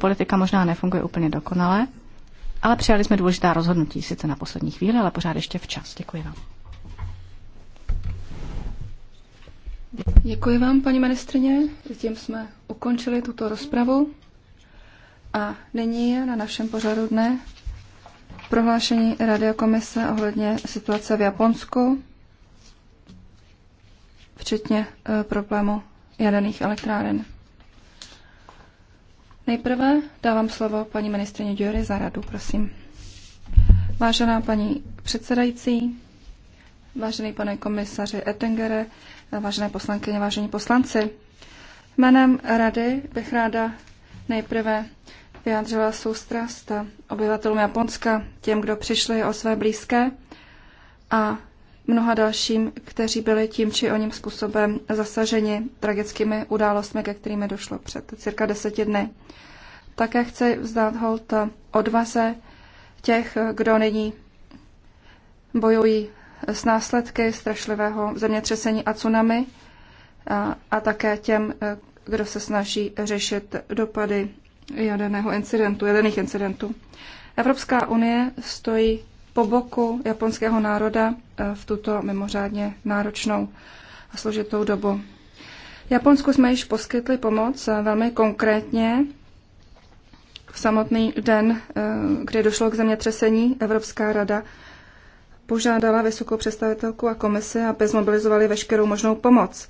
politika možná nefunguje úplně dokonale, ale přijali jsme důležitá rozhodnutí, sice na poslední chvíli, ale pořád ještě včas. Děkuji vám. Děkuji vám, paní ministrině. Tím jsme ukončili tuto rozpravu. A nyní je na našem pořadu dne prohlášení radiokomise ohledně situace v Japonsku, včetně eh, problému jaderných elektráren. Nejprve dávám slovo paní ministrině Děry za radu, prosím. Vážená paní předsedající, vážený pane komisaři Ettingere, vážené poslankyně, vážení poslanci, jménem rady bych ráda nejprve vyjádřila soustrast obyvatelům Japonska, těm, kdo přišli o své blízké a mnoha dalším, kteří byli tím či oním způsobem zasaženi tragickými událostmi, ke kterým došlo před cirka deseti dny. Také chci vzdát hold odvaze těch, kdo nyní bojují s následky strašlivého zemětřesení a tsunami a, a také těm, kdo se snaží řešit dopady jaderného incidentu, jaderných incidentů. Evropská unie stojí po boku japonského národa eh, v tuto mimořádně náročnou a složitou dobu. Japonsku jsme již poskytli pomoc eh, velmi konkrétně v samotný den, eh, kdy došlo k zemětřesení, Evropská rada požádala vysokou představitelku a komisi, aby zmobilizovali veškerou možnou pomoc.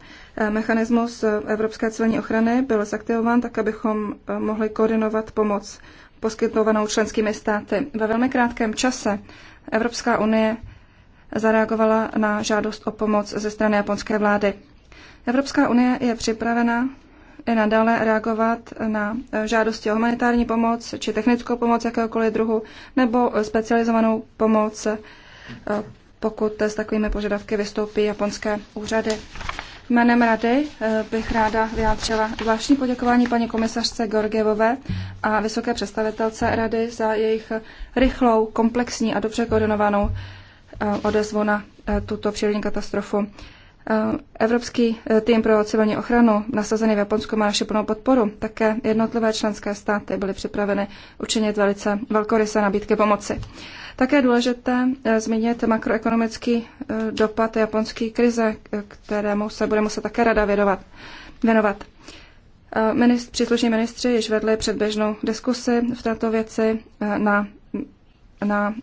Mechanismus Evropské celní ochrany byl zaktivován tak, abychom mohli koordinovat pomoc poskytovanou členskými státy. Ve velmi krátkém čase Evropská unie zareagovala na žádost o pomoc ze strany japonské vlády. Evropská unie je připravena i nadále reagovat na žádosti o humanitární pomoc či technickou pomoc jakéhokoliv druhu nebo specializovanou pomoc, eh, pokud s takovými požadavky vystoupí japonské úřady. Jménem Rady eh, bych ráda vyjádřila zvláštní poděkování paní komisařce Gorgievové a vysoké představitelce Rady za jejich rychlou, komplexní a dobře koordinovanou eh, odezvu na eh, tuto přírodní katastrofu. Evropský tým pro civilní ochranu nasazený v Japonsku má naši plnou podporu. Také jednotlivé členské státy byly připraveny učinit velice velkorysé nabídky pomoci. Také důležité eh, zmínit makroekonomický eh, dopad japonské krize, eh, kterému se bude muset také rada věnovat. věnovat. Minist, příslušní ministři již vedli předběžnou diskusi v této věci na na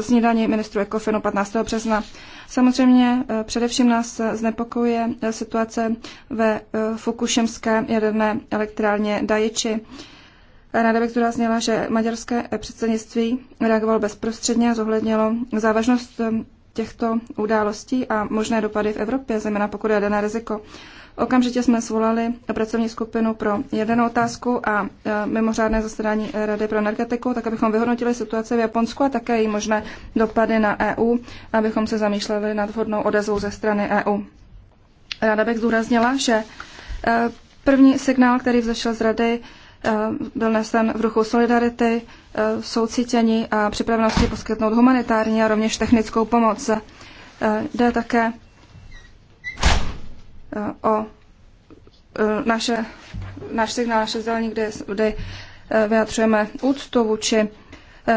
snídaní ministru Ekofinu 15. března. Samozřejmě především nás znepokojuje situace ve fukušemské jaderné elektrárně Dajiči. Ráda bych zdůraznila, že maďarské předsednictví reagovalo bezprostředně a zohlednilo závažnost ehm, těchto událostí a možné dopady v Evropě, zejména pokud je dané riziko. Okamžitě jsme svolali pracovní skupinu pro jednu otázku a ehm, mimořádné zasedání Rady pro energetiku, tak abychom vyhodnotili situaci v Japonsku a také její možné dopady na EU, abychom se zamýšleli nad vhodnou odezvou ze strany EU. Ráda bych zdůraznila, že ehm, první signál, který vzešel z Rady, Eh, byl nesen v duchu solidarity, eh, soucítění a připravenosti poskytnout humanitární a rovněž technickou pomoc. Eh, jde také o naše, naš signál, naše zelení, kde, kde vyjadřujeme úctu vůči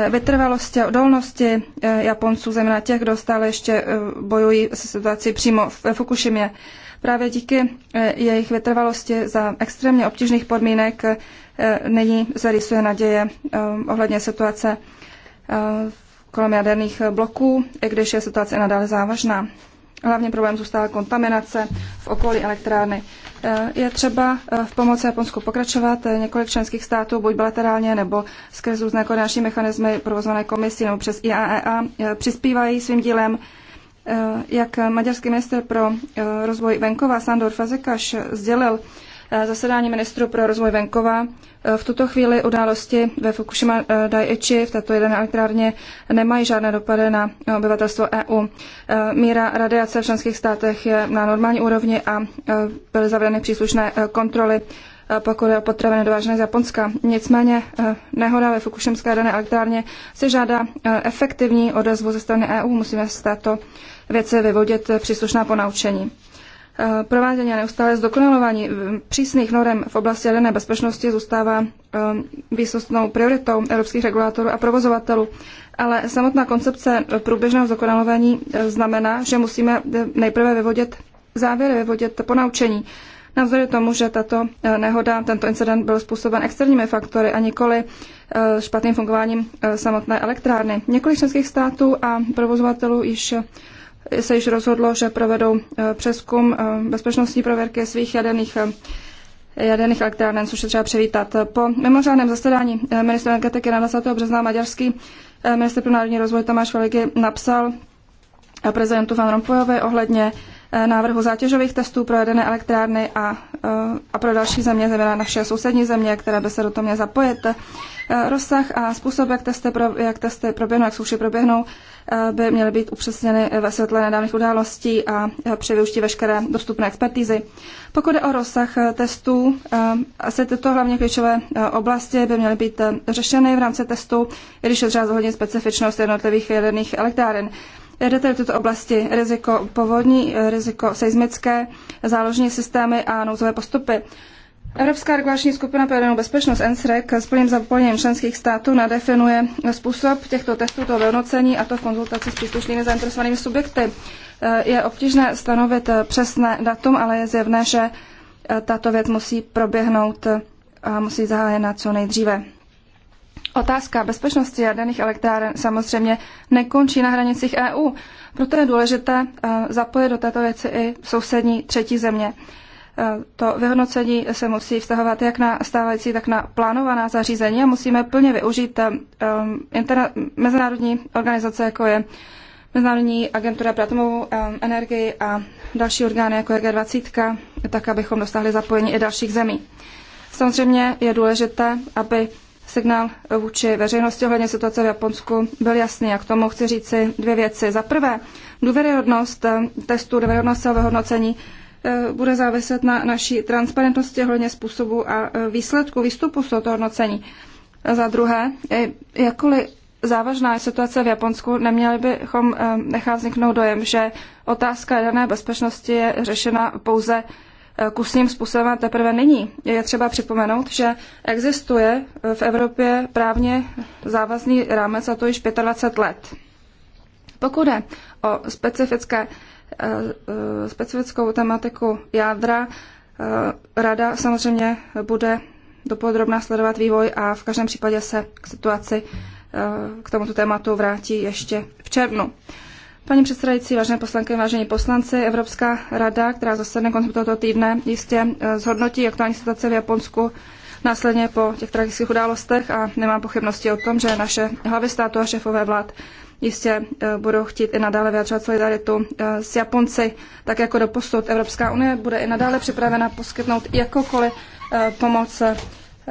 vytrvalosti a odolnosti Japonců, zejména těch, kdo stále ještě bojují se situací přímo ve Fukushimě. Právě díky jejich vytrvalosti za extrémně obtížných podmínek Eh, nyní zarysuje naděje eh, ohledně situace eh, kolem jaderných bloků, i když je situace nadále závažná. Hlavní problém zůstává kontaminace v okolí elektrárny. Je třeba v pomoci Japonsku pokračovat. Několik členských států, buď bilaterálně nebo skrze různé koordinační mechanismy provozované komisí nebo přes IAEA, e přispívají svým dílem. Jak maďarský minister pro rozvoj venkova Sandor Fazekaš sdělil, Eh, zasedání ministru pro rozvoj venkova. Eh, v tuto chvíli události ve Fukushima eh, Daiichi v této jedné elektrárně nemají žádné dopady na obyvatelstvo EU. Míra radiace v členských státech je na normální úrovni a byly zavedeny příslušné kontroly pokud je o potraviny dovážené z Japonska. Nicméně nehoda ve Fukushimské dané elektrárně si žádá efektivní odezvu ze strany EU. Musíme z této věci vyvodit příslušná ponaučení. Eh, provádění a neustále zdokonalování eh, přísných norem v oblasti jaderné bezpečnosti zůstává eh, výsostnou prioritou evropských regulátorů a provozovatelů. Ale samotná koncepce průběžného zdokonalování znamená, že musíme nejprve vyvodit závěry, vyvodit ponaučení. Navzdory tomu, že tato nehoda, tento incident byl způsoben externími faktory a nikoli špatným fungováním samotné elektrárny. Několik členských států a provozovatelů již se již rozhodlo, že provedou eh, přeskum eh, bezpečnostní prověrky svých jaderných eh, jaderných elektráren, což je třeba přivítat. Po mimořádném zasedání ministra energetiky na 20. března maďarský minister pro národní rozvoj Tomáš Veliky napsal prezidentu Van Rompuyovi ohledně návrhu zátěžových testů pro jaderné elektrárny a, a pro další země, zejména naše sousední země, které by se do toho měly zapojit. Eh, rozsah a způsob, jak testy, pro, jak testy proběhnou, jak zkoušky proběhnou, eh, by měly být upřesněny ve světle nedávných událostí a eh, při využití veškeré dostupné expertízy. Pokud je o rozsah testů, asi tyto hlavně klíčové oblasti by měly být řešeny v rámci testů, i když je třeba zohlednit specifičnost jednotlivých jaderných elektráren. Jde tedy tyto oblasti riziko povodní, riziko seismické, záložní systémy a nouzové postupy. Evropská regulační skupina pro jadernou bezpečnost NSREC s plným zapojením členských států nadefinuje způsob těchto testů, to vyhodnocení a to v konzultaci s příslušnými zainteresovanými subjekty. Eh, je obtížné stanovit eh, přesné datum, ale je zjevné, že eh, tato věc musí proběhnout a musí zahájena co nejdříve. Otázka bezpečnosti jaderných elektráren samozřejmě nekončí na hranicích EU, proto je důležité zapojit do této věci i sousední třetí země to vyhodnocení se musí vztahovat jak na stávající, tak na plánovaná zařízení a musíme plně využít eh, um, mezinárodní organizace, jako je Mezinárodní agentura pro atomovou eh, energii a další orgány, jako je G20, tak abychom dostali zapojení i dalších zemí. Samozřejmě je důležité, aby signál vůči veřejnosti ohledně situace v Japonsku byl jasný. A k tomu chci říci dvě věci. Za prvé, důvěryhodnost eh, testu, důvěryhodnost celého hodnocení Eh, bude záviset na naší transparentnosti ohledně způsobu a eh, výsledku výstupu z tohoto hodnocení. Za druhé, eh, jakkoliv závažná je situace v Japonsku, neměli bychom nechat vzniknout dojem, že otázka dané bezpečnosti je řešena pouze kusným způsobem a teprve nyní. Je třeba připomenout, že existuje v Evropě právně závazný rámec a to již 25 let. Pokud je o specifické Eh, specifickou tematiku jádra. Eh, rada samozřejmě bude dopodrobná sledovat vývoj a v každém případě se k situaci eh, k tomuto tématu vrátí ještě v červnu. Paní předsedající, vážené poslanky, vážení poslanci, Evropská rada, která zasedne koncem tohoto týdne, jistě zhodnotí aktuální situace v Japonsku následně po těch tragických událostech a nemám pochybnosti o tom, že naše hlavy státu a šéfové vlád jistě eh, budou chtít i nadále vyjadřovat solidaritu eh, s Japonci, tak jako do posud Evropská unie bude i nadále připravena poskytnout jakoukoliv eh, pomoc,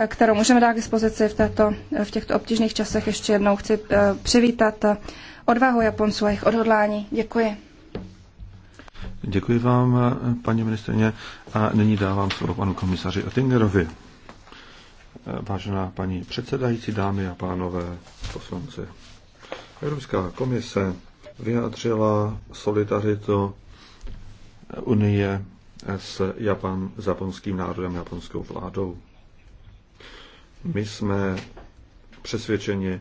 kterou můžeme dát k dispozici v, této, v těchto obtížných časech. Ještě jednou chci přivítat odvahu Japonců a jejich odhodlání. Děkuji. Děkuji vám, paní ministrině. A nyní dávám slovo panu komisaři Oettingerovi. Vážená paní předsedající, dámy a pánové poslanci. Evropská komise vyjádřila solidaritu Unie s, Japan, s japonským národem, japonskou vládou. My jsme přesvědčeni,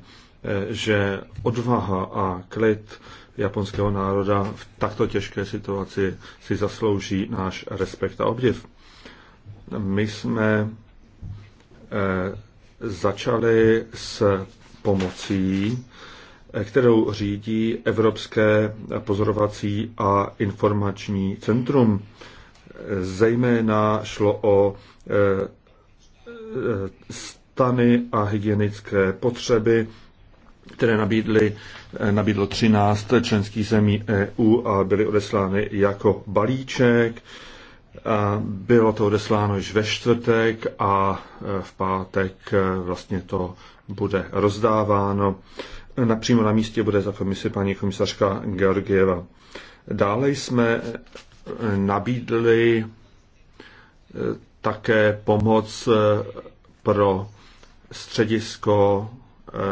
že odvaha a klid japonského národa v takto těžké situaci si zaslouží náš respekt a obdiv. My jsme eh, začali s pomocí kterou řídí Evropské pozorovací a informační centrum. Zejména šlo o eh, stany a hygienické potřeby, které nabídly, eh, nabídlo 13 členských zemí EU a byly odeslány jako balíček. A bylo to odesláno již ve čtvrtek a eh, v pátek vlastně to bude rozdáváno napřímo na místě bude za komisi paní komisařka Georgieva. Dále jsme eh, nabídli eh, také pomoc eh, pro středisko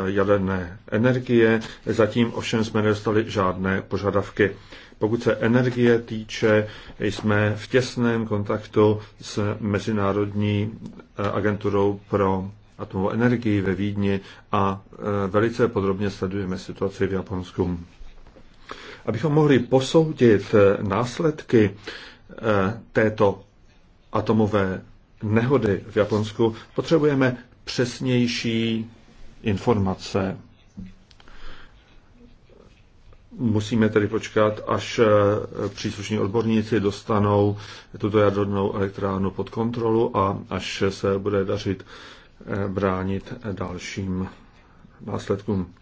jaderné energie. Zatím ovšem jsme nedostali žádné požadavky. Pokud se energie týče, jsme v těsném kontaktu s Mezinárodní agenturou pro atomovou energii ve Vídni a e, velice podrobně sledujeme situaci v Japonsku. Abychom mohli posoudit e, následky e, této atomové nehody v Japonsku, potřebujeme přesnější informace. Musíme tedy počkat, až příslušní odborníci dostanou tuto jadernou elektrárnu pod kontrolu a až se bude dařit bránit dalším následkům.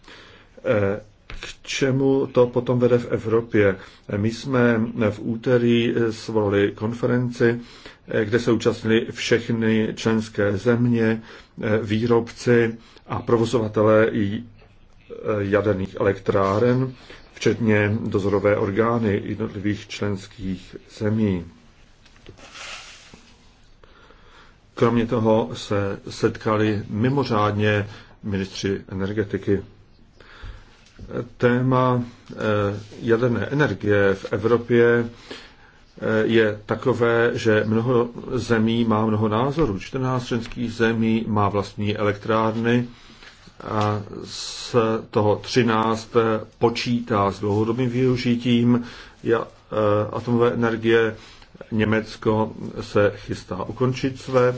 Eh, k čemu to potom vede v Evropě? Eh, my jsme v úterý svolali konferenci, eh, kde se účastnili všechny členské země, výrobci a provozovatelé jaderných elektráren, včetně dozorové orgány jednotlivých členských zemí. Kromě toho se setkali mimořádně ministři energetiky. Téma eh, jaderné energie v Evropě eh, je takové, že mnoho zemí má mnoho názorů. 14 členských zemí má vlastní elektrárny a z toho 13 eh, počítá s dlouhodobým využitím atomové energie, Německo se chystá ukončit své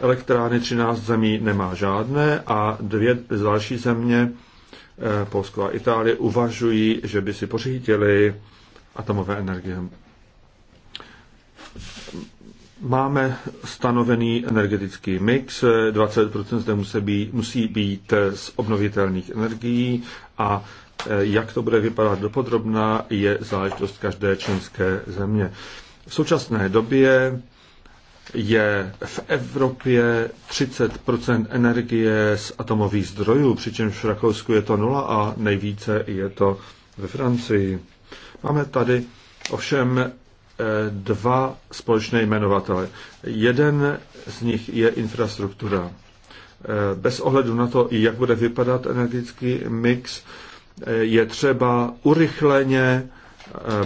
elektrárny, 13 zemí nemá žádné a dvě další země, eh, Polsko a Itálie, uvažují, že by si pořídili atomové energie. Máme stanovený energetický mix, 20% zde musí být, musí být z obnovitelných energií a eh, jak to bude vypadat dopodrobná, je záležitost každé členské země. V současné době je v Evropě 30 energie z atomových zdrojů, přičemž v Rakousku je to nula a nejvíce je to ve Francii. Máme tady ovšem eh, dva společné jmenovatele. Jeden z nich je infrastruktura. Eh, bez ohledu na to, jak bude vypadat energetický mix, eh, je třeba urychleně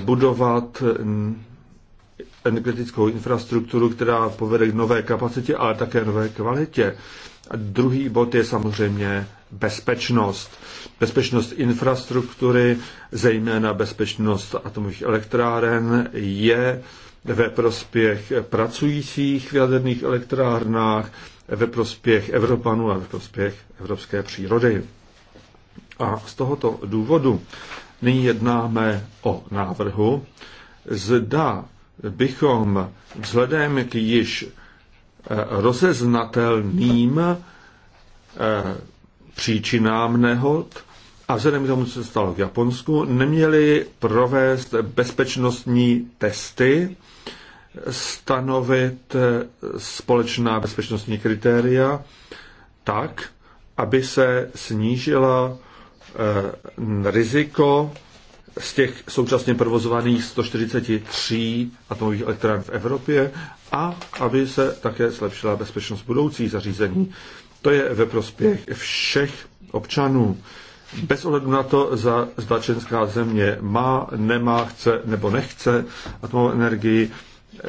budovat energetickou infrastrukturu, která povede k nové kapacitě, ale také nové kvalitě. A druhý bod je samozřejmě bezpečnost. Bezpečnost infrastruktury, zejména bezpečnost atomových elektráren, je ve prospěch pracujících v jaderných elektrárnách, ve prospěch Evropanů a ve prospěch evropské přírody. A z tohoto důvodu nyní jednáme o návrhu, zda bychom vzhledem k již eh, rozeznatelným eh, příčinám nehod a vzhledem k tomu, co se stalo v Japonsku, neměli provést bezpečnostní testy, stanovit eh, společná bezpečnostní kritéria tak, aby se snížila riziko z těch současně provozovaných 143 atomových elektráren v Evropě a aby se také zlepšila bezpečnost budoucích zařízení. To je ve prospěch všech občanů. Bez ohledu na to, za zda země má, nemá, chce nebo nechce atomovou energii,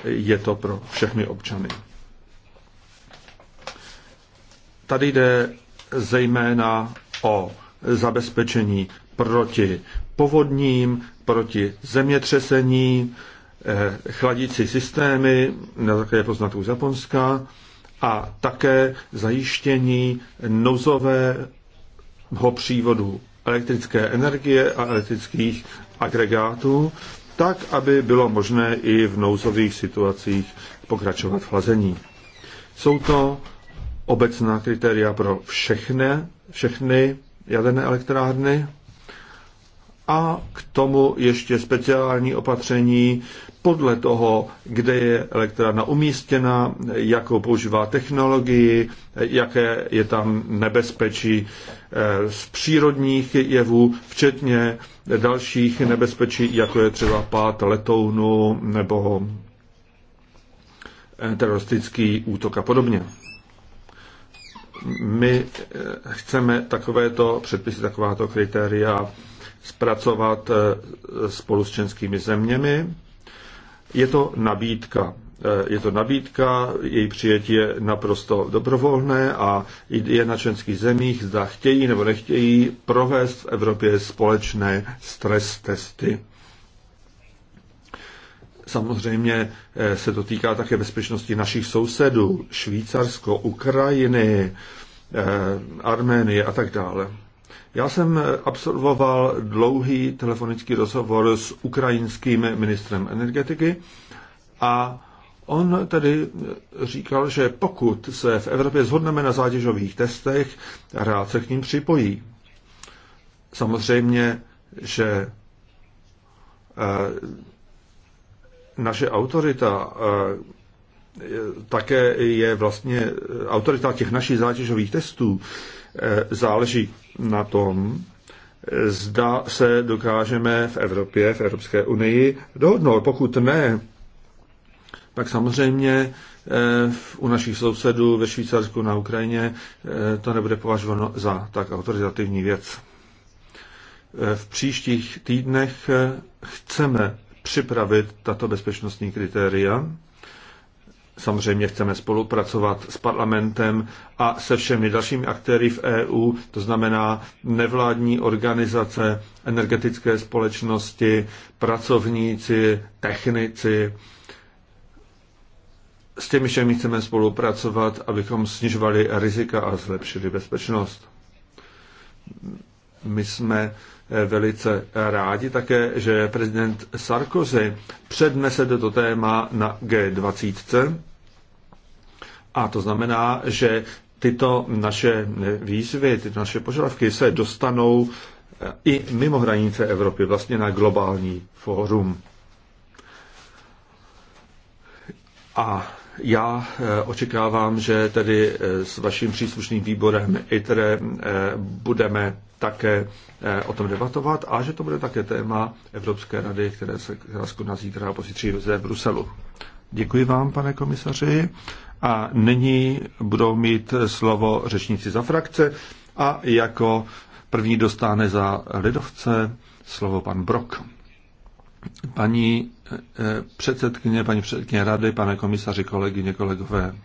je to pro všechny občany. Tady jde zejména o zabezpečení proti povodním, proti zemětřesení, eh, chladící systémy na základě poznatků z Japonska a také zajištění nouzového přívodu elektrické energie a elektrických agregátů, tak, aby bylo možné i v nouzových situacích pokračovat v chlazení. Jsou to obecná kritéria pro všechny, všechny jaderné elektrárny a k tomu ještě speciální opatření podle toho, kde je elektrárna umístěna, jakou používá technologii, jaké je tam nebezpečí eh, z přírodních jevů, včetně dalších nebezpečí, jako je třeba pát letounu nebo eh, teroristický útok a podobně. My eh, chceme takovéto předpisy, takováto kritéria zpracovat eh, spolu s českými zeměmi. Je to nabídka. Eh, je to nabídka, její přijetí je naprosto dobrovolné a je na členských zemích, zda chtějí nebo nechtějí provést v Evropě společné stres testy. Samozřejmě eh, se to týká také bezpečnosti našich sousedů, Švýcarsko, Ukrajiny, Arménie a tak dále. Já jsem absolvoval dlouhý telefonický rozhovor s ukrajinským ministrem energetiky a on tedy říkal, že pokud se v Evropě zhodneme na zátěžových testech, rád se k ním připojí. Samozřejmě, že eh, naše autorita eh, také je vlastně eh, autorita těch našich zátěžových testů Eh, záleží na tom, eh, zda se dokážeme v Evropě, v Evropské unii dohodnout. Pokud ne, pak samozřejmě eh, u našich sousedů ve Švýcarsku na Ukrajině to nebude považováno za tak autoritativní věc. V příštích týdnech chceme připravit tato bezpečnostní kritéria Samozřejmě chceme spolupracovat s parlamentem a se všemi dalšími aktéry v EU, to znamená nevládní organizace, energetické společnosti, pracovníci, technici. S těmi všemi chceme spolupracovat, abychom snižovali rizika a zlepšili bezpečnost. My jsme velice rádi také, že prezident Sarkozy přednese toto téma na G20. A to znamená, že tyto naše výzvy, tyto naše požadavky se dostanou eh, i mimo hranice Evropy, vlastně na globální fórum. A já eh, očekávám, že tedy eh, s vaším příslušným výborem ITRE eh, budeme také o tom debatovat a že to bude také téma Evropské rady, které se koná zítra a pozítří zde v Bruselu. Děkuji vám, pane komisaři. A nyní budou mít slovo řečníci za frakce a jako první dostane za lidovce slovo pan Brok. Paní eh, předsedkyně, paní předsedkyně rady, pane komisaři, kolegyně, kolegové,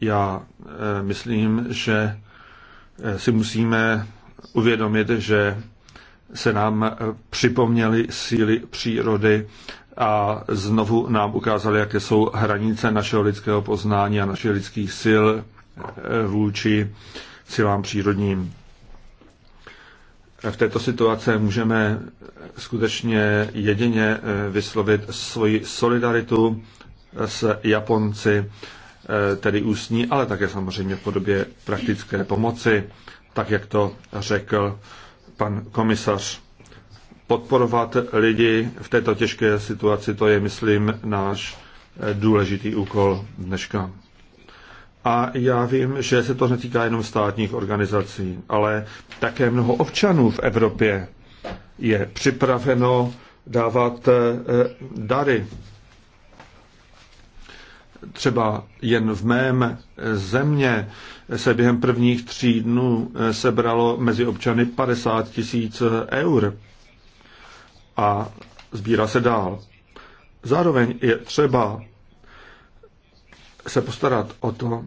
já eh, myslím, že eh, si musíme uvědomit, že se nám připomněly síly přírody a znovu nám ukázali, jaké jsou hranice našeho lidského poznání a našich lidských sil vůči silám přírodním v této situace můžeme skutečně jedině eh, vyslovit svoji solidaritu eh, s Japonci, eh, tedy ústní, ale také samozřejmě v podobě praktické pomoci, tak jak to řekl pan komisař. Podporovat lidi v této těžké situaci, to je, myslím, náš důležitý úkol dneška. A já vím, že se to netýká jenom státních organizací, ale také mnoho občanů v Evropě je připraveno dávat eh, dary. Třeba jen v mém země se během prvních tří dnů eh, sebralo mezi občany 50 tisíc eh, eur a sbírá se dál. Zároveň je třeba se postarat o to,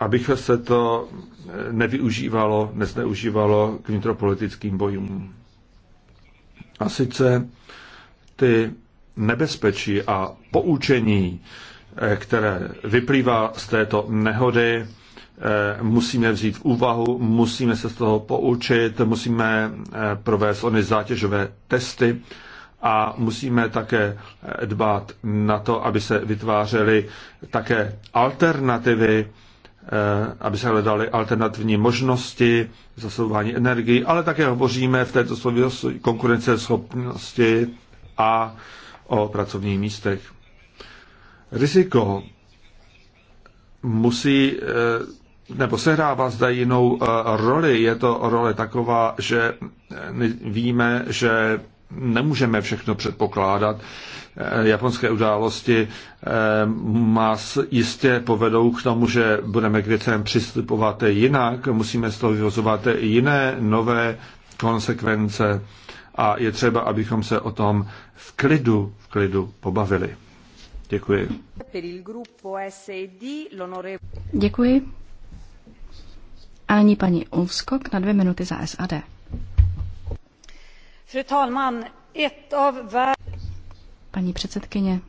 abych se to nevyužívalo, nezneužívalo k vnitropolitickým bojům. A sice ty nebezpečí a poučení, eh, které vyplývá z této nehody, eh, musíme vzít v úvahu, musíme se z toho poučit, musíme eh, provést ony zátěžové testy a musíme také dbát na to, aby se vytvářely také alternativy, eh, aby se hledaly alternativní možnosti zasouvání energii, ale také hovoříme v této souvislosti konkurenceschopnosti a o pracovních místech. Riziko musí eh, nebo sehrává zda jinou eh, roli. Je to role taková, že víme, že nemůžeme všechno předpokládat. Eh, japonské události eh, nás jistě povedou k tomu, že budeme k věcem přistupovat jinak, musíme z toho vyvozovat jiné nové konsekvence a je třeba, abychom se o tom v klidu, v klidu pobavili. Děkuji. Děkuji. Ani paní Ulskok na dvě minuty za SAD. Paní předsedkyně,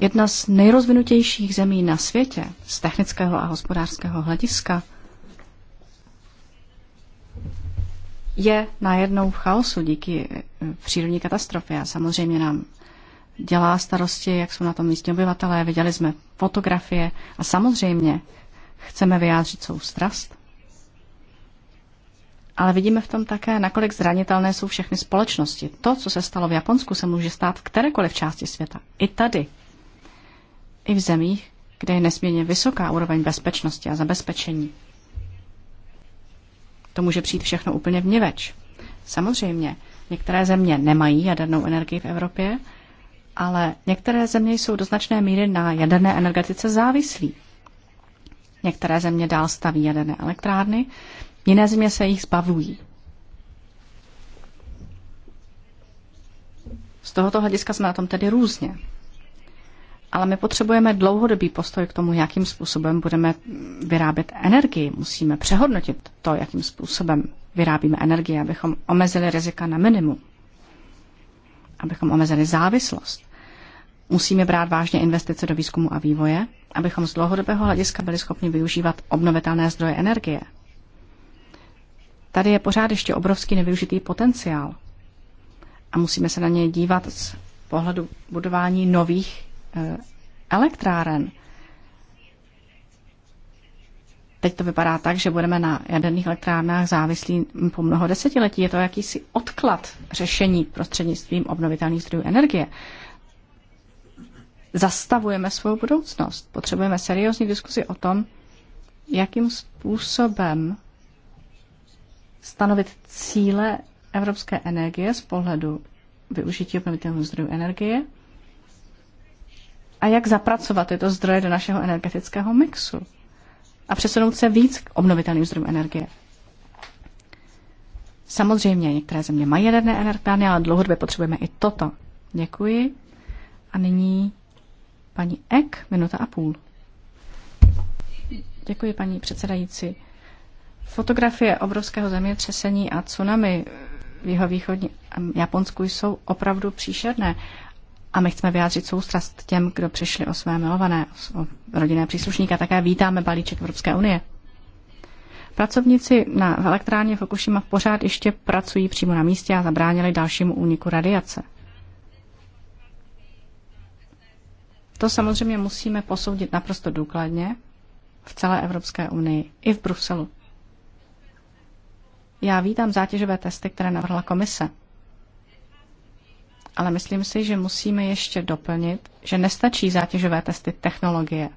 jedna z nejrozvinutějších zemí na světě z technického a hospodářského hlediska je najednou v chaosu díky eh, přírodní katastrofě a samozřejmě nám dělá starosti, jak jsou na tom místní obyvatelé. Viděli jsme fotografie a samozřejmě chceme vyjádřit soustrast ale vidíme v tom také, nakolik zranitelné jsou všechny společnosti. To, co se stalo v Japonsku, se může stát v kterékoliv části světa. I tady. I v zemích, kde je nesmírně vysoká úroveň bezpečnosti a zabezpečení. To může přijít všechno úplně vniveč. Samozřejmě, některé země nemají jadernou energii v Evropě, ale některé země jsou do značné míry na jaderné energetice závislí. Některé země dál staví jaderné elektrárny, Jiné země se jich zbavují. Z tohoto hlediska jsme na tom tedy různě. Ale my potřebujeme dlouhodobý postoj k tomu, jakým způsobem budeme vyrábět energii. Musíme přehodnotit to, jakým způsobem vyrábíme energii, abychom omezili rizika na minimum, abychom omezili závislost. Musíme brát vážně investice do výzkumu a vývoje, abychom z dlouhodobého hlediska byli schopni využívat obnovitelné zdroje energie. Tady je pořád ještě obrovský nevyužitý potenciál a musíme se na něj dívat z pohledu budování nových eh, elektráren. Teď to vypadá tak, že budeme na jaderných elektrárnách závislí po mnoho desetiletí. Je to jakýsi odklad řešení prostřednictvím obnovitelných zdrojů energie. Zastavujeme svou budoucnost. Potřebujeme seriózní diskuzi o tom, jakým způsobem stanovit cíle evropské energie z pohledu využití obnovitelných zdrojů energie a jak zapracovat tyto zdroje do našeho energetického mixu a přesunout se víc k obnovitelným zdrojům energie. Samozřejmě, některé země mají jaderné energie, ale dlouhodobě potřebujeme i toto. Děkuji. A nyní paní Ek, minuta a půl. Děkuji, paní předsedající. Fotografie obrovského zemětřesení a tsunami v východní Japonsku jsou opravdu příšerné a my chceme vyjádřit soustrast těm, kdo přišli o své milované, o rodinné příslušníky a také vítáme balíček Evropské unie. Pracovníci na v elektrárně Fukushima pořád ještě pracují přímo na místě a zabránili dalšímu úniku radiace. To samozřejmě musíme posoudit naprosto důkladně v celé Evropské unii i v Bruselu. Já vítám zátěžové testy, které navrhla komise. Ale myslím si, že musíme ještě doplnit, že nestačí zátěžové testy technologie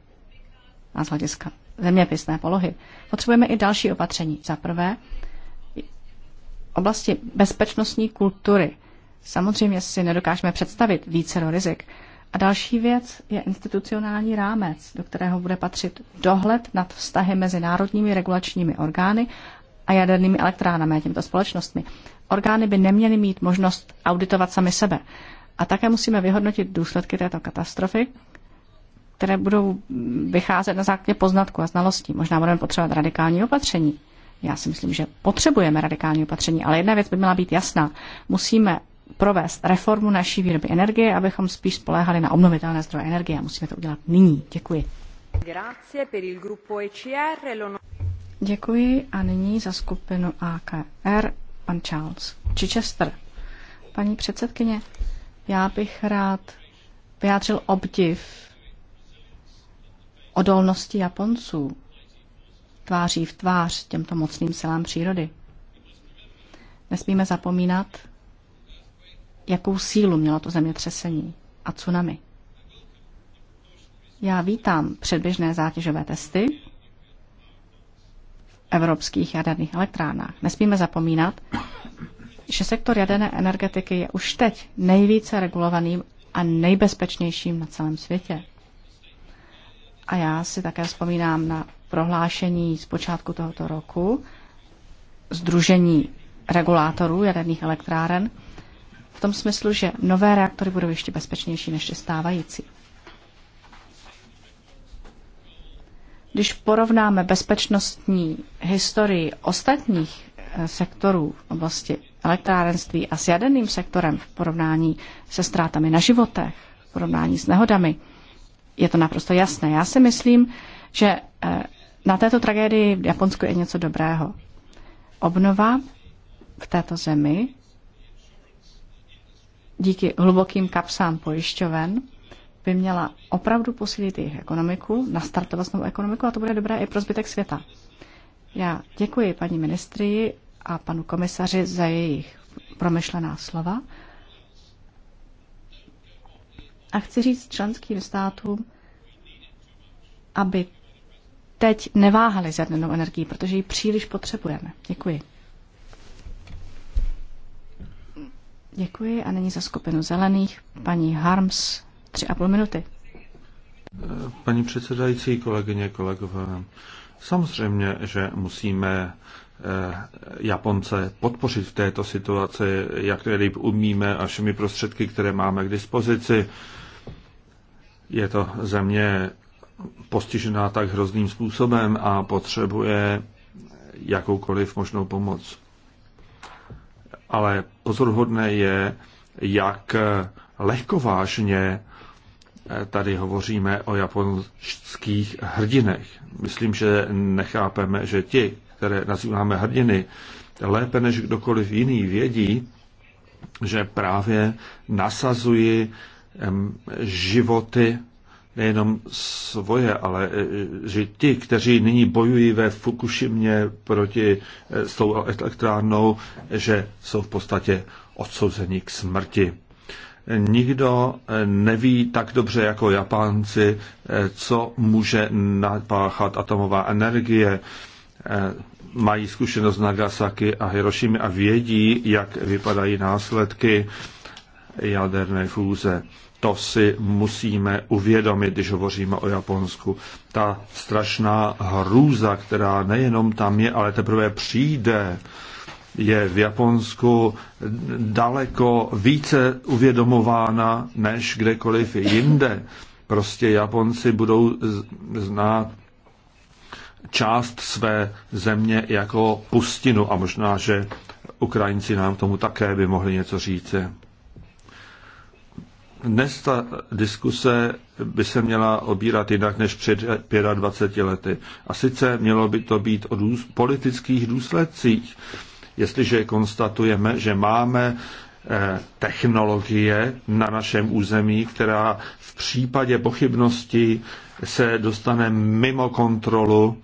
a z hlediska zeměpisné polohy. Potřebujeme i další opatření. Za prvé, oblasti bezpečnostní kultury. Samozřejmě si nedokážeme představit více rizik. A další věc je institucionální rámec, do kterého bude patřit dohled nad vztahy mezi národními regulačními orgány a jadernými elektrárnami a těmito společnostmi. Orgány by neměly mít možnost auditovat sami sebe. A také musíme vyhodnotit důsledky této katastrofy, které budou vycházet na základě poznatku a znalostí. Možná budeme potřebovat radikální opatření. Já si myslím, že potřebujeme radikální opatření, ale jedna věc by měla být jasná. Musíme provést reformu naší výroby energie, abychom spíš spoléhali na obnovitelné zdroje energie. Musíme to udělat nyní. Děkuji. E Děkuji a nyní za skupinu AKR pan Charles Chichester. Paní předsedkyně, já bych rád vyjádřil obdiv odolnosti Japonců tváří v tvář těmto mocným silám přírody. Nesmíme zapomínat, jakou sílu mělo to zemětřesení a tsunami. Já vítám předběžné zátěžové testy, evropských jaderných elektrárnách. Nesmíme zapomínat, že sektor jaderné energetiky je už teď nejvíce regulovaným a nejbezpečnějším na celém světě. A já si také vzpomínám na prohlášení z počátku tohoto roku Združení regulátorů jaderných elektráren v tom smyslu, že nové reaktory budou ještě bezpečnější než ty stávající. Když porovnáme bezpečnostní historii ostatních eh, sektorů v oblasti elektrárenství a s jaderným sektorem v porovnání se ztrátami na životech, v porovnání s nehodami, je to naprosto jasné. Já si myslím, že eh, na této tragédii v Japonsku je něco dobrého. Obnova v této zemi díky hlubokým kapsám pojišťoven by měla opravdu posílit jejich ekonomiku, nastartovat novou ekonomiku a to bude dobré i pro zbytek světa. Já děkuji paní ministrii a panu komisaři za jejich promyšlená slova a chci říct členským státům, aby teď neváhali s jadernou energií, protože ji příliš potřebujeme. Děkuji. Děkuji a nyní za skupinu zelených paní Harms Tři a půl minuty. Paní předsedající, kolegyně, kolegové, samozřejmě, že musíme eh, Japonce podpořit v této situaci, jak tedy umíme a všemi prostředky, které máme k dispozici. Je to země postižená tak hrozným způsobem a potřebuje jakoukoliv možnou pomoc. Ale pozoruhodné je, jak lehkovážně tady hovoříme o japonských hrdinech. Myslím, že nechápeme, že ti, které nazýváme hrdiny, lépe než kdokoliv jiný vědí, že právě nasazují životy nejenom svoje, ale e, že ti, kteří nyní bojují ve Fukushimě proti e, s tou elektrárnou, že jsou v podstatě odsouzeni k smrti nikdo neví tak dobře jako Japánci, eh, co může napáchat atomová energie. Eh, mají zkušenost Nagasaki a Hiroshima a vědí, jak vypadají následky jaderné fúze. To si musíme uvědomit, když hovoříme o Japonsku. Ta strašná hrůza, která nejenom tam je, ale teprve přijde, je v Japonsku daleko více uvědomována než kdekoliv jinde. Prostě Japonci budou znát část své země jako pustinu a možná, že Ukrajinci nám tomu také by mohli něco říci. Dnes ta diskuse by se měla obírat jinak než před 25 lety. A sice mělo by to být o důs- politických důsledcích jestliže konstatujeme, že máme eh, technologie na našem území, která v případě pochybnosti se dostane mimo kontrolu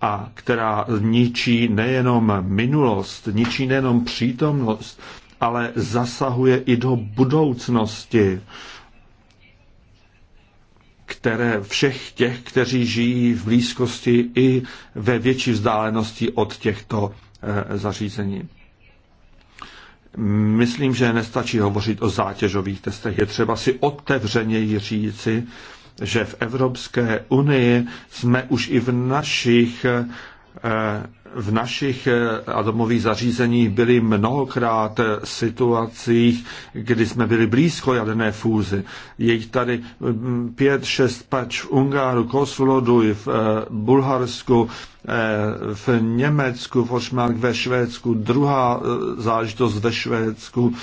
a která ničí nejenom minulost, ničí nejenom přítomnost, ale zasahuje i do budoucnosti, které všech těch, kteří žijí v blízkosti i ve větší vzdálenosti od těchto Eh, zařízení. Myslím, že nestačí hovořit o zátěžových testech. Je třeba si otevřeněji říci, že v Evropské unii jsme už i v našich Eh, v našich eh, atomových zařízeních byly mnohokrát eh, situacích, kdy jsme byli blízko jaderné fúzy. Je jich tady mm, pět, šest pač v Ungáru, Koslodu, v Bulharsku, v Německu, v Ošmark ve Švédsku, druhá záležitost ve Švédsku,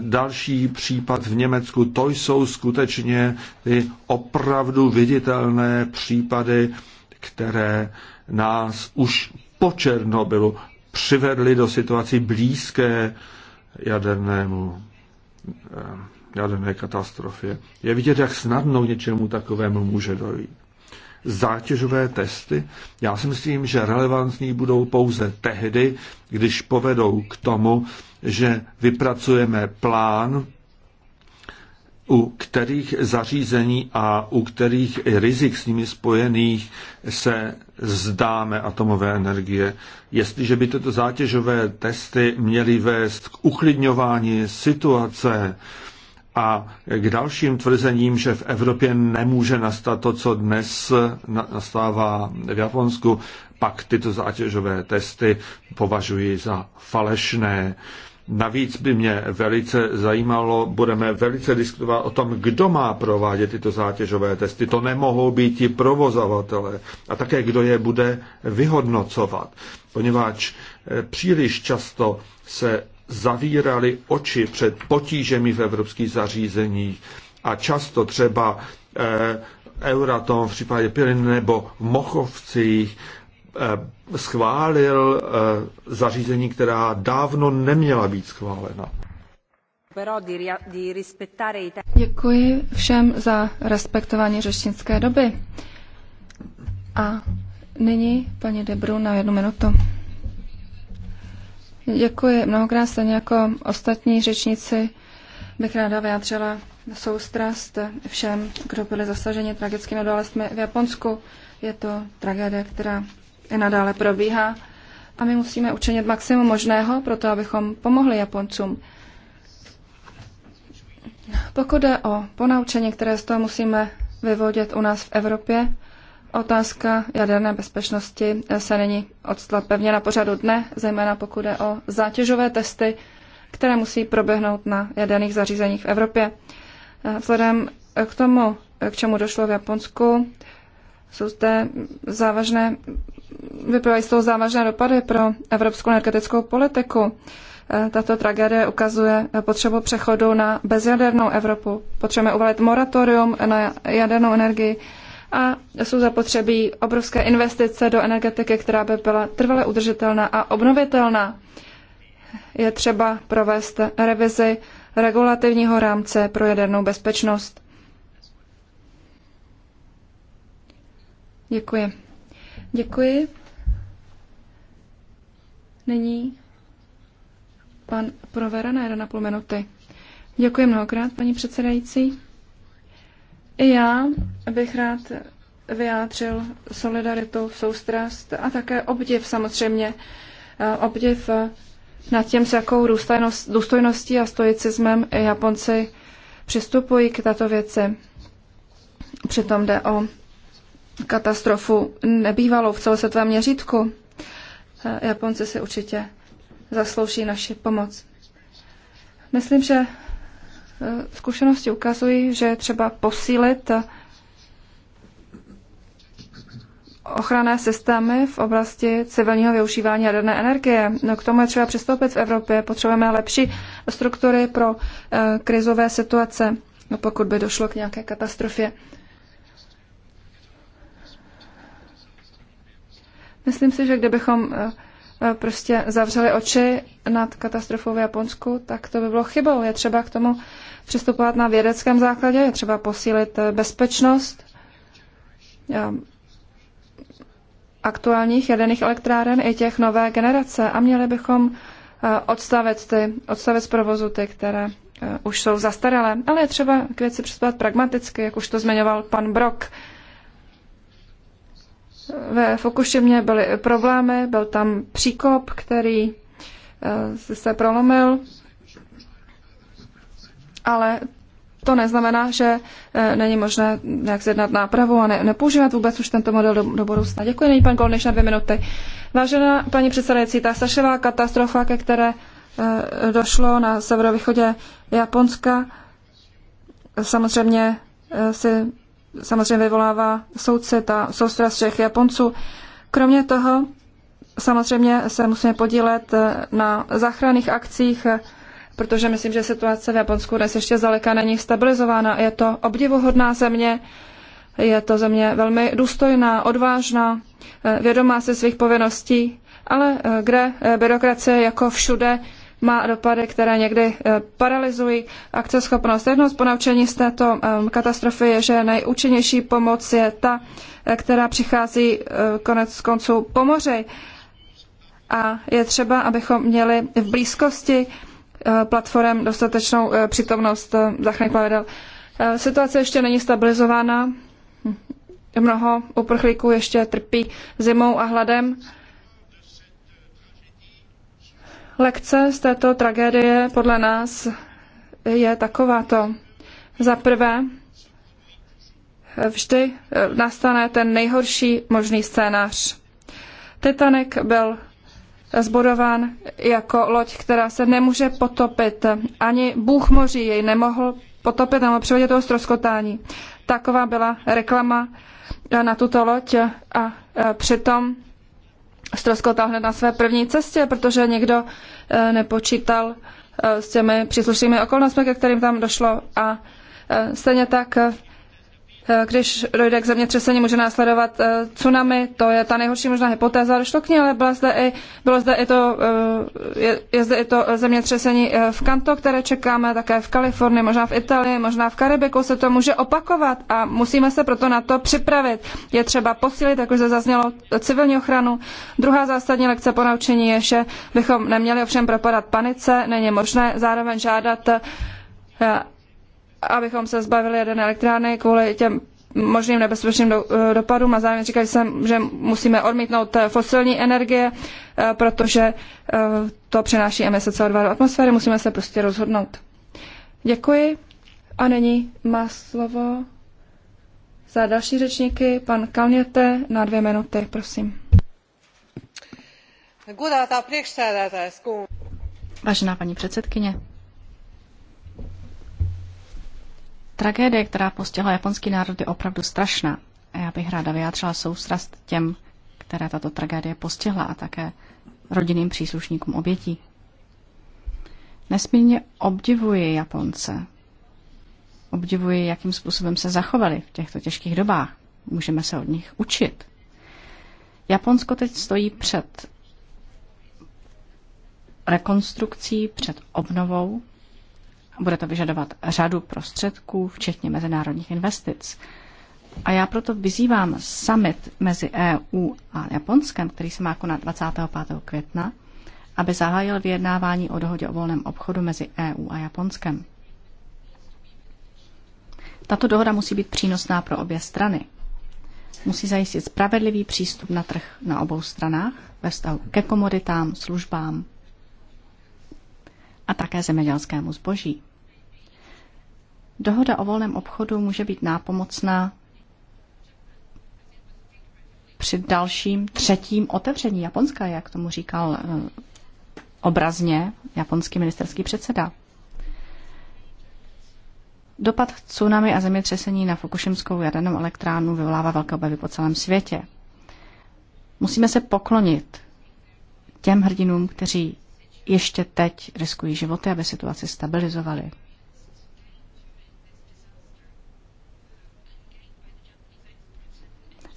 další případ v Německu, to jsou skutečně ty opravdu viditelné případy, které eh, nás už po Černobylu přivedli do situací blízké jadernému, eh, jaderné katastrofě. Je vidět, jak snadno něčemu takovému může dojít. Zátěžové testy, já si myslím, že relevantní budou pouze tehdy, když povedou k tomu, že vypracujeme plán u kterých zařízení a u kterých rizik s nimi spojených se zdáme atomové energie. Jestliže by tyto zátěžové testy měly vést k uklidňování situace a k dalším tvrzením, že v Evropě nemůže nastat to, co dnes nastává v Japonsku, pak tyto zátěžové testy považuji za falešné. Navíc by mě velice zajímalo, budeme velice diskutovat o tom, kdo má provádět tyto zátěžové testy. To nemohou být ti provozovatele a také kdo je bude vyhodnocovat, poněvadž eh, příliš často se zavírali oči před potížemi v evropských zařízeních a často třeba eh, Euratom v případě Pilin nebo v Mochovcích Eh, schválil eh, zařízení, která dávno neměla být schválena. Děkuji všem za respektování řečnické doby. A nyní paní Debru na jednu minutu. Děkuji mnohokrát, stejně jako ostatní řečníci bych ráda vyjádřila soustrast všem, kdo byli zasaženi tragickými událostmi v Japonsku. Je to tragédie, která i nadále probíhá a my musíme učinit maximum možného pro to, abychom pomohli Japoncům. Pokud jde o ponaučení, které z toho musíme vyvodit u nás v Evropě, otázka jaderné bezpečnosti se není odstla pevně na pořadu dne, zejména pokud jde o zátěžové testy, které musí proběhnout na jaderných zařízeních v Evropě. Eh, vzhledem k tomu, k čemu došlo v Japonsku, jsou zde závažné vyplývají z toho závažné dopady pro evropskou energetickou politiku. E, tato tragédie ukazuje potřebu přechodu na bezjadernou Evropu. Potřebujeme uvalit moratorium na jadernou energii a jsou zapotřebí obrovské investice do energetiky, která by byla trvale udržitelná a obnovitelná. Je třeba provést revizi regulativního rámce pro jadernou bezpečnost. Děkuji. Děkuji. Nyní pan Provera na 1,5 minuty. Děkuji mnohokrát, paní předsedající. I já bych rád vyjádřil solidaritu, soustrast a také obdiv samozřejmě. Eh, obdiv eh, nad tím, s jakou důstojností a stoicismem Japonci přistupují k tato věci. Přitom jde o katastrofu nebývalou v celosvětovém měřítku. Eh, Japonci si určitě zaslouží naši pomoc. Myslím, že eh, zkušenosti ukazují, že je třeba posílit eh, ochranné systémy v oblasti civilního využívání jaderné energie. No, k tomu je třeba přistoupit v Evropě. Potřebujeme lepší struktury pro krizové situace, no, pokud by došlo k nějaké katastrofě. Myslím si, že kdybychom eh, eh, prostě zavřeli oči nad katastrofou v Japonsku, tak to by bylo chybou. Je třeba k tomu přistupovat na vědeckém základě, je třeba posílit eh, bezpečnost aktuálních jaderných elektráren i těch nové generace a měli bychom odstavit, ty, odstavit z provozu ty, které už jsou zastaralé. Ale je třeba k věci přistupovat pragmaticky, jak už to zmiňoval pan Brok. Ve Fukušimě byly problémy, byl tam příkop, který eh, se prolomil, ale to neznamená, že eh, není možné nějak zjednat nápravu a ne, nepoužívat vůbec už tento model do, do budoucna. Děkuji, není pan Golniš na dvě minuty. Vážená paní předsedající, ta strašlivá katastrofa, ke které eh, došlo na severovýchodě Japonska, samozřejmě si samozřejmě vyvolává soudce, ta soustra z Čech Japonců. Kromě toho samozřejmě se musíme podílet eh, na záchranných akcích, eh, protože myslím, že situace v Japonsku dnes ještě zdaleka není stabilizována. Je to obdivuhodná země, je to země velmi důstojná, odvážná, eh, vědomá se svých povinností, ale kde byrokracie jako všude má dopady, které někdy eh, paralyzují akceschopnost. Jednou z ponaučení z této ehm, katastrofy je, že nejúčinnější pomoc je ta, eh, která přichází eh, konec konců po moři. A je třeba, abychom měli v blízkosti platform dostatečnou přítomnost záchranných plavidel. Situace ještě není stabilizována. Hm, mnoho uprchlíků ještě trpí zimou a hladem Lekce z této tragédie podle nás je takováto. Za prvé, vždy nastane ten nejhorší možný scénář. Titanic byl zbudován jako loď, která se nemůže potopit. Ani Bůh moří jej nemohl potopit nebo přivodit toho stroskotání. Taková byla reklama na tuto loď a přitom ztroskotal hned na své první cestě, protože někdo eh, nepočítal eh, s těmi příslušnými okolnostmi, ke kterým tam došlo a eh, stejně tak Eh, když dojde k zemětřesení, může následovat eh, tsunami, to je ta nejhorší možná hypotéza, došlo k ní, ale byla zde i, bylo zde i to, eh, je, je zde i to zemětřesení v Kanto, které čekáme také v Kalifornii, možná v Itálii, možná v Karibiku se to může opakovat a musíme se proto na to připravit. Je třeba posílit, jak už zaznělo, civilní ochranu. Druhá zásadní lekce po naučení je, že bychom neměli ovšem propadat panice, není možné zároveň žádat abychom se zbavili jeden elektrárny kvůli těm možným nebezpečným do, eh, dopadům a zároveň říkali jsem, že musíme odmítnout eh, fosilní energie, eh, protože to přenáší emise CO2 do atmosféry, musíme se prostě rozhodnout. Děkuji a nyní má slovo za další řečníky pan Kalněte na dvě minuty, prosím. Vážená paní předsedkyně, Tragédie, která postihla japonský národ, je opravdu strašná. A já bych ráda vyjádřila soustrast těm, které tato tragédie postihla a také rodinným příslušníkům obětí. Nesmírně obdivuji Japonce. Obdivuji, jakým způsobem se zachovali v těchto těžkých dobách. Můžeme se od nich učit. Japonsko teď stojí před rekonstrukcí, před obnovou bude to vyžadovat řadu prostředků, včetně mezinárodních investic. A já proto vyzývám summit mezi EU a Japonskem, který se má konat 25. května, aby zahájil vyjednávání o dohodě o volném obchodu mezi EU a Japonskem. Tato dohoda musí být přínosná pro obě strany. Musí zajistit spravedlivý přístup na trh na obou stranách ve vztahu ke komoditám, službám a také zemědělskému zboží. Dohoda o volném obchodu může být nápomocná při dalším třetím otevření Japonska, jak tomu říkal eh, obrazně japonský ministerský předseda. Dopad tsunami a zemětřesení na Fukushimskou jadernou elektrárnu vyvolává velké obavy po celém světě. Musíme se poklonit těm hrdinům, kteří ještě teď riskují životy, aby situaci stabilizovali.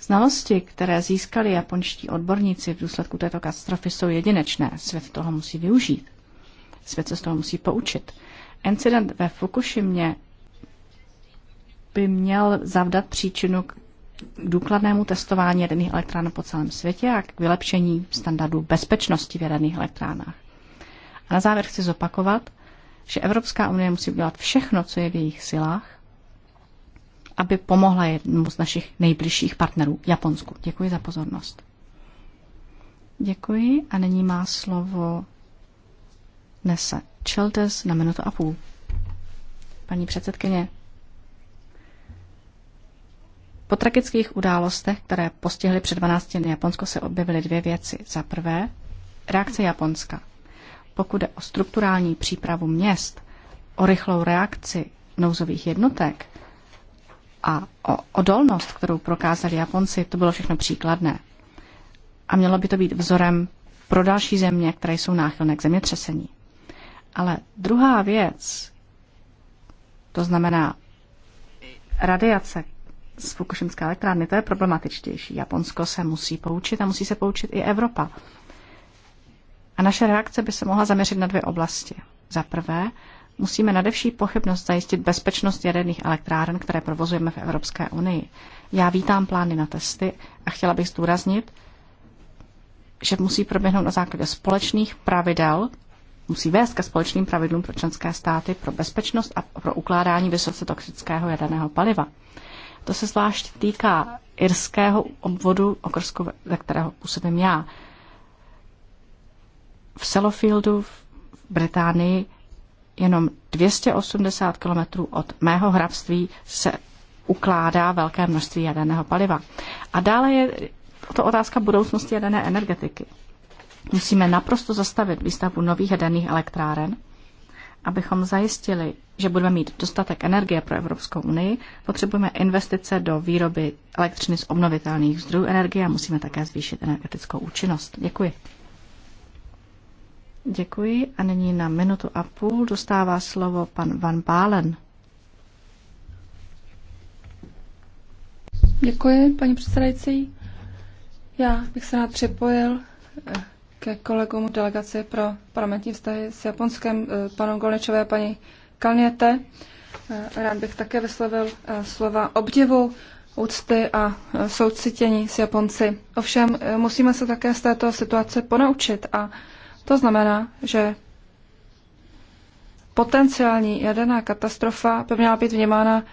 Znalosti, které získali japonští odborníci v důsledku této katastrofy, jsou jedinečné. Svět toho musí využít. Svět se z toho musí poučit. Incident ve Fukushimě by měl zavdat příčinu k důkladnému testování jaderných elektrán po celém světě a k vylepšení standardů bezpečnosti v jaderných elektrárnách. A na závěr chci zopakovat, že Evropská unie musí udělat všechno, co je v jejich silách, aby pomohla jednomu z našich nejbližších partnerů, Japonsku. Děkuji za pozornost. Děkuji a nyní má slovo Nese Childers na minutu a půl. Paní předsedkyně, po tragických událostech, které postihly před 12 dny Japonsko, se objevily dvě věci. Za prvé, reakce Japonska. Pokud jde o strukturální přípravu měst, o rychlou reakci nouzových jednotek, a o odolnost, kterou prokázali Japonci, to bylo všechno příkladné. A mělo by to být vzorem pro další země, které jsou náchylné k zemětřesení. Ale druhá věc, to znamená radiace z Fukushimské elektrárny, to je problematičtější. Japonsko se musí poučit a musí se poučit i Evropa. A naše reakce by se mohla zaměřit na dvě oblasti. Za prvé, musíme nadevší pochybnost zajistit bezpečnost jaderných elektráren, které provozujeme v Evropské unii. Já vítám plány na testy a chtěla bych zdůraznit, že musí proběhnout na základě společných pravidel, musí vést ke společným pravidlům pro členské státy pro bezpečnost a pro ukládání vysoce toxického jaderného paliva. To se zvlášť týká irského obvodu okrsku, ze kterého působím já. V Sellofieldu v Británii jenom 280 kilometrů od mého hrabství se ukládá velké množství jaderného paliva. A dále je to otázka budoucnosti jaderné energetiky. Musíme naprosto zastavit výstavbu nových jaderných elektráren, abychom zajistili, že budeme mít dostatek energie pro Evropskou unii, potřebujeme investice do výroby elektřiny z obnovitelných zdrojů energie a musíme také zvýšit energetickou účinnost. Děkuji. Děkuji a nyní na minutu a půl dostává slovo pan Van Bálen. Děkuji, paní předsedající. Já bych se rád připojil eh, ke kolegům delegace pro parlamentní vztahy s Japonskem, eh, panu Golničové a paní Kalniete. Eh, rád bych také vyslovil slova obdivu, úcty a soucitění s Japonci. Ovšem, musíme se také z této situace ponaučit a to znamená, že potenciální jaderná katastrofa by měla být vnímána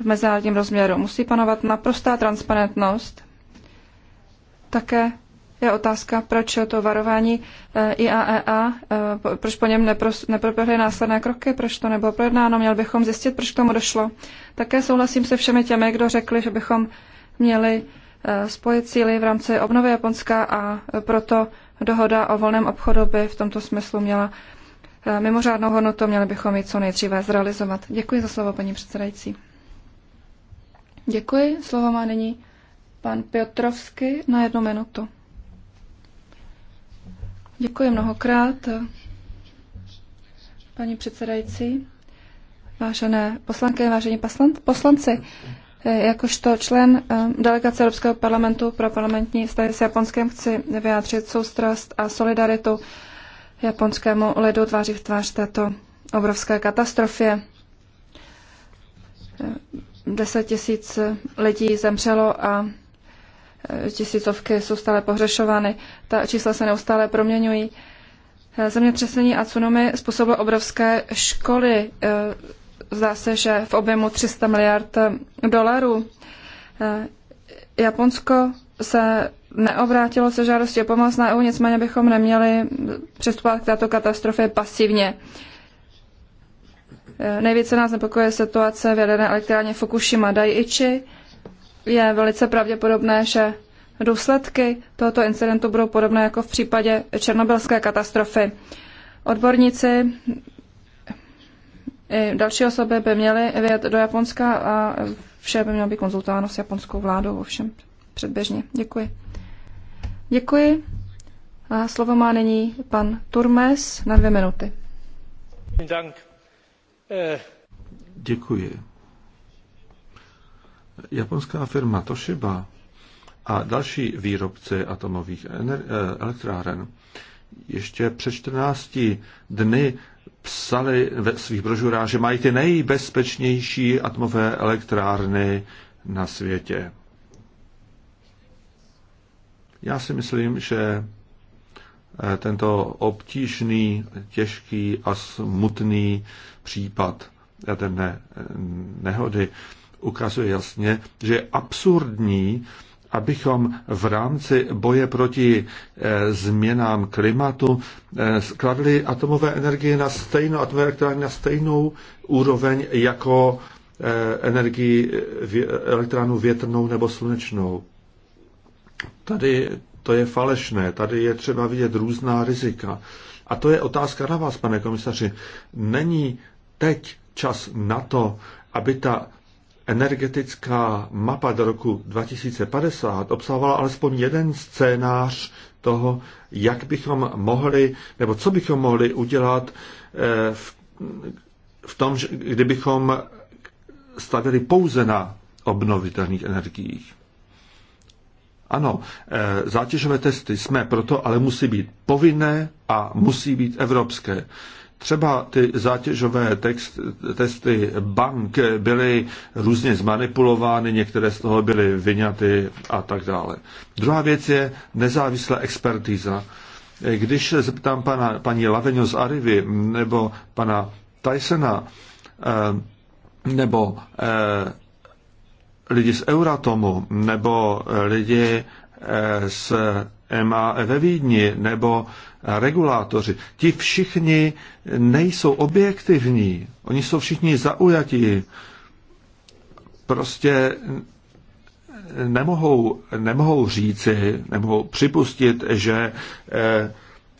v mezinárodním rozměru. Musí panovat naprostá transparentnost. Také je otázka, proč to varování eh, IAEA, e eh, proč po něm neproběhly následné kroky, proč to nebylo projednáno, měli bychom zjistit, proč k tomu došlo. Také souhlasím se všemi těmi, kdo řekli, že bychom měli eh, spojit cíly v rámci obnovy Japonska a proto dohoda o volném obchodu by v tomto smyslu měla eh, mimořádnou hodnotu, měli bychom ji co nejdříve zrealizovat. Děkuji za slovo, paní předsedající. Děkuji. Slovo má nyní pan Piotrovský na jednu minutu. Děkuji mnohokrát, paní předsedající, vážené poslanky, vážení poslanci. Jakožto člen eh, delegace Evropského parlamentu pro parlamentní vztahy s Japonskem chci vyjádřit soustrast a solidaritu japonskému lidu tváří v tvář této obrovské katastrofě. Eh, deset tisíc lidí zemřelo a eh, tisícovky jsou stále pohřešovány. Ta čísla se neustále proměňují. Zemětřesení a tsunami způsobilo obrovské školy zdá se, že v objemu 300 miliard dolarů. Eh, Japonsko se neobrátilo se žádostí o pomoc na EU, nicméně bychom neměli přistupovat k této katastrofě pasivně. Eh, Nejvíce nás nepokoje situace v jaderné elektrárně Fukushima Daiichi. Je velice pravděpodobné, že důsledky tohoto incidentu budou podobné jako v případě černobylské katastrofy. Odborníci i e, další osoby by měly vyjet do Japonska a vše by mělo být konzultováno s japonskou vládou, ovšem předběžně. Děkuji. Děkuji. A slovo má nyní pan Turmes na dvě minuty. E. Děkuji. Japonská firma Toshiba a další výrobci atomových e, elektráren ještě před 14 dny psali ve svých brožurách, že mají ty nejbezpečnější atmové elektrárny na světě. Já si myslím, že eh, tento obtížný, těžký a smutný případ jaderné eh, nehody ukazuje jasně, že je absurdní abychom v rámci boje proti eh, změnám klimatu eh, skladli atomové energie na stejnou, atomové elektrárny na stejnou úroveň jako eh, energii elektránu větrnou nebo slunečnou. Tady to je falešné, tady je třeba vidět různá rizika. A to je otázka na vás, pane komisaři. Není teď čas na to, aby ta energetická mapa do roku 2050 obsahovala alespoň jeden scénář toho, jak bychom mohli, nebo co bychom mohli udělat eh, v, v tom, že kdybychom stavěli pouze na obnovitelných energiích. Ano, eh, zátěžové testy jsme proto, ale musí být povinné a musí být evropské. Třeba ty zátěžové text, testy bank byly různě zmanipulovány, některé z toho byly vyňaty a tak dále. Druhá věc je nezávislá expertíza. Když se zeptám pana, paní Laveňo z Arivy nebo pana Tysona eh, nebo eh, lidi z Euratomu nebo lidi eh, z MAE ve Vídni nebo regulátoři, ti všichni nejsou objektivní, oni jsou všichni zaujatí, prostě nemohou, nemohou říci, nemohou připustit, že eh,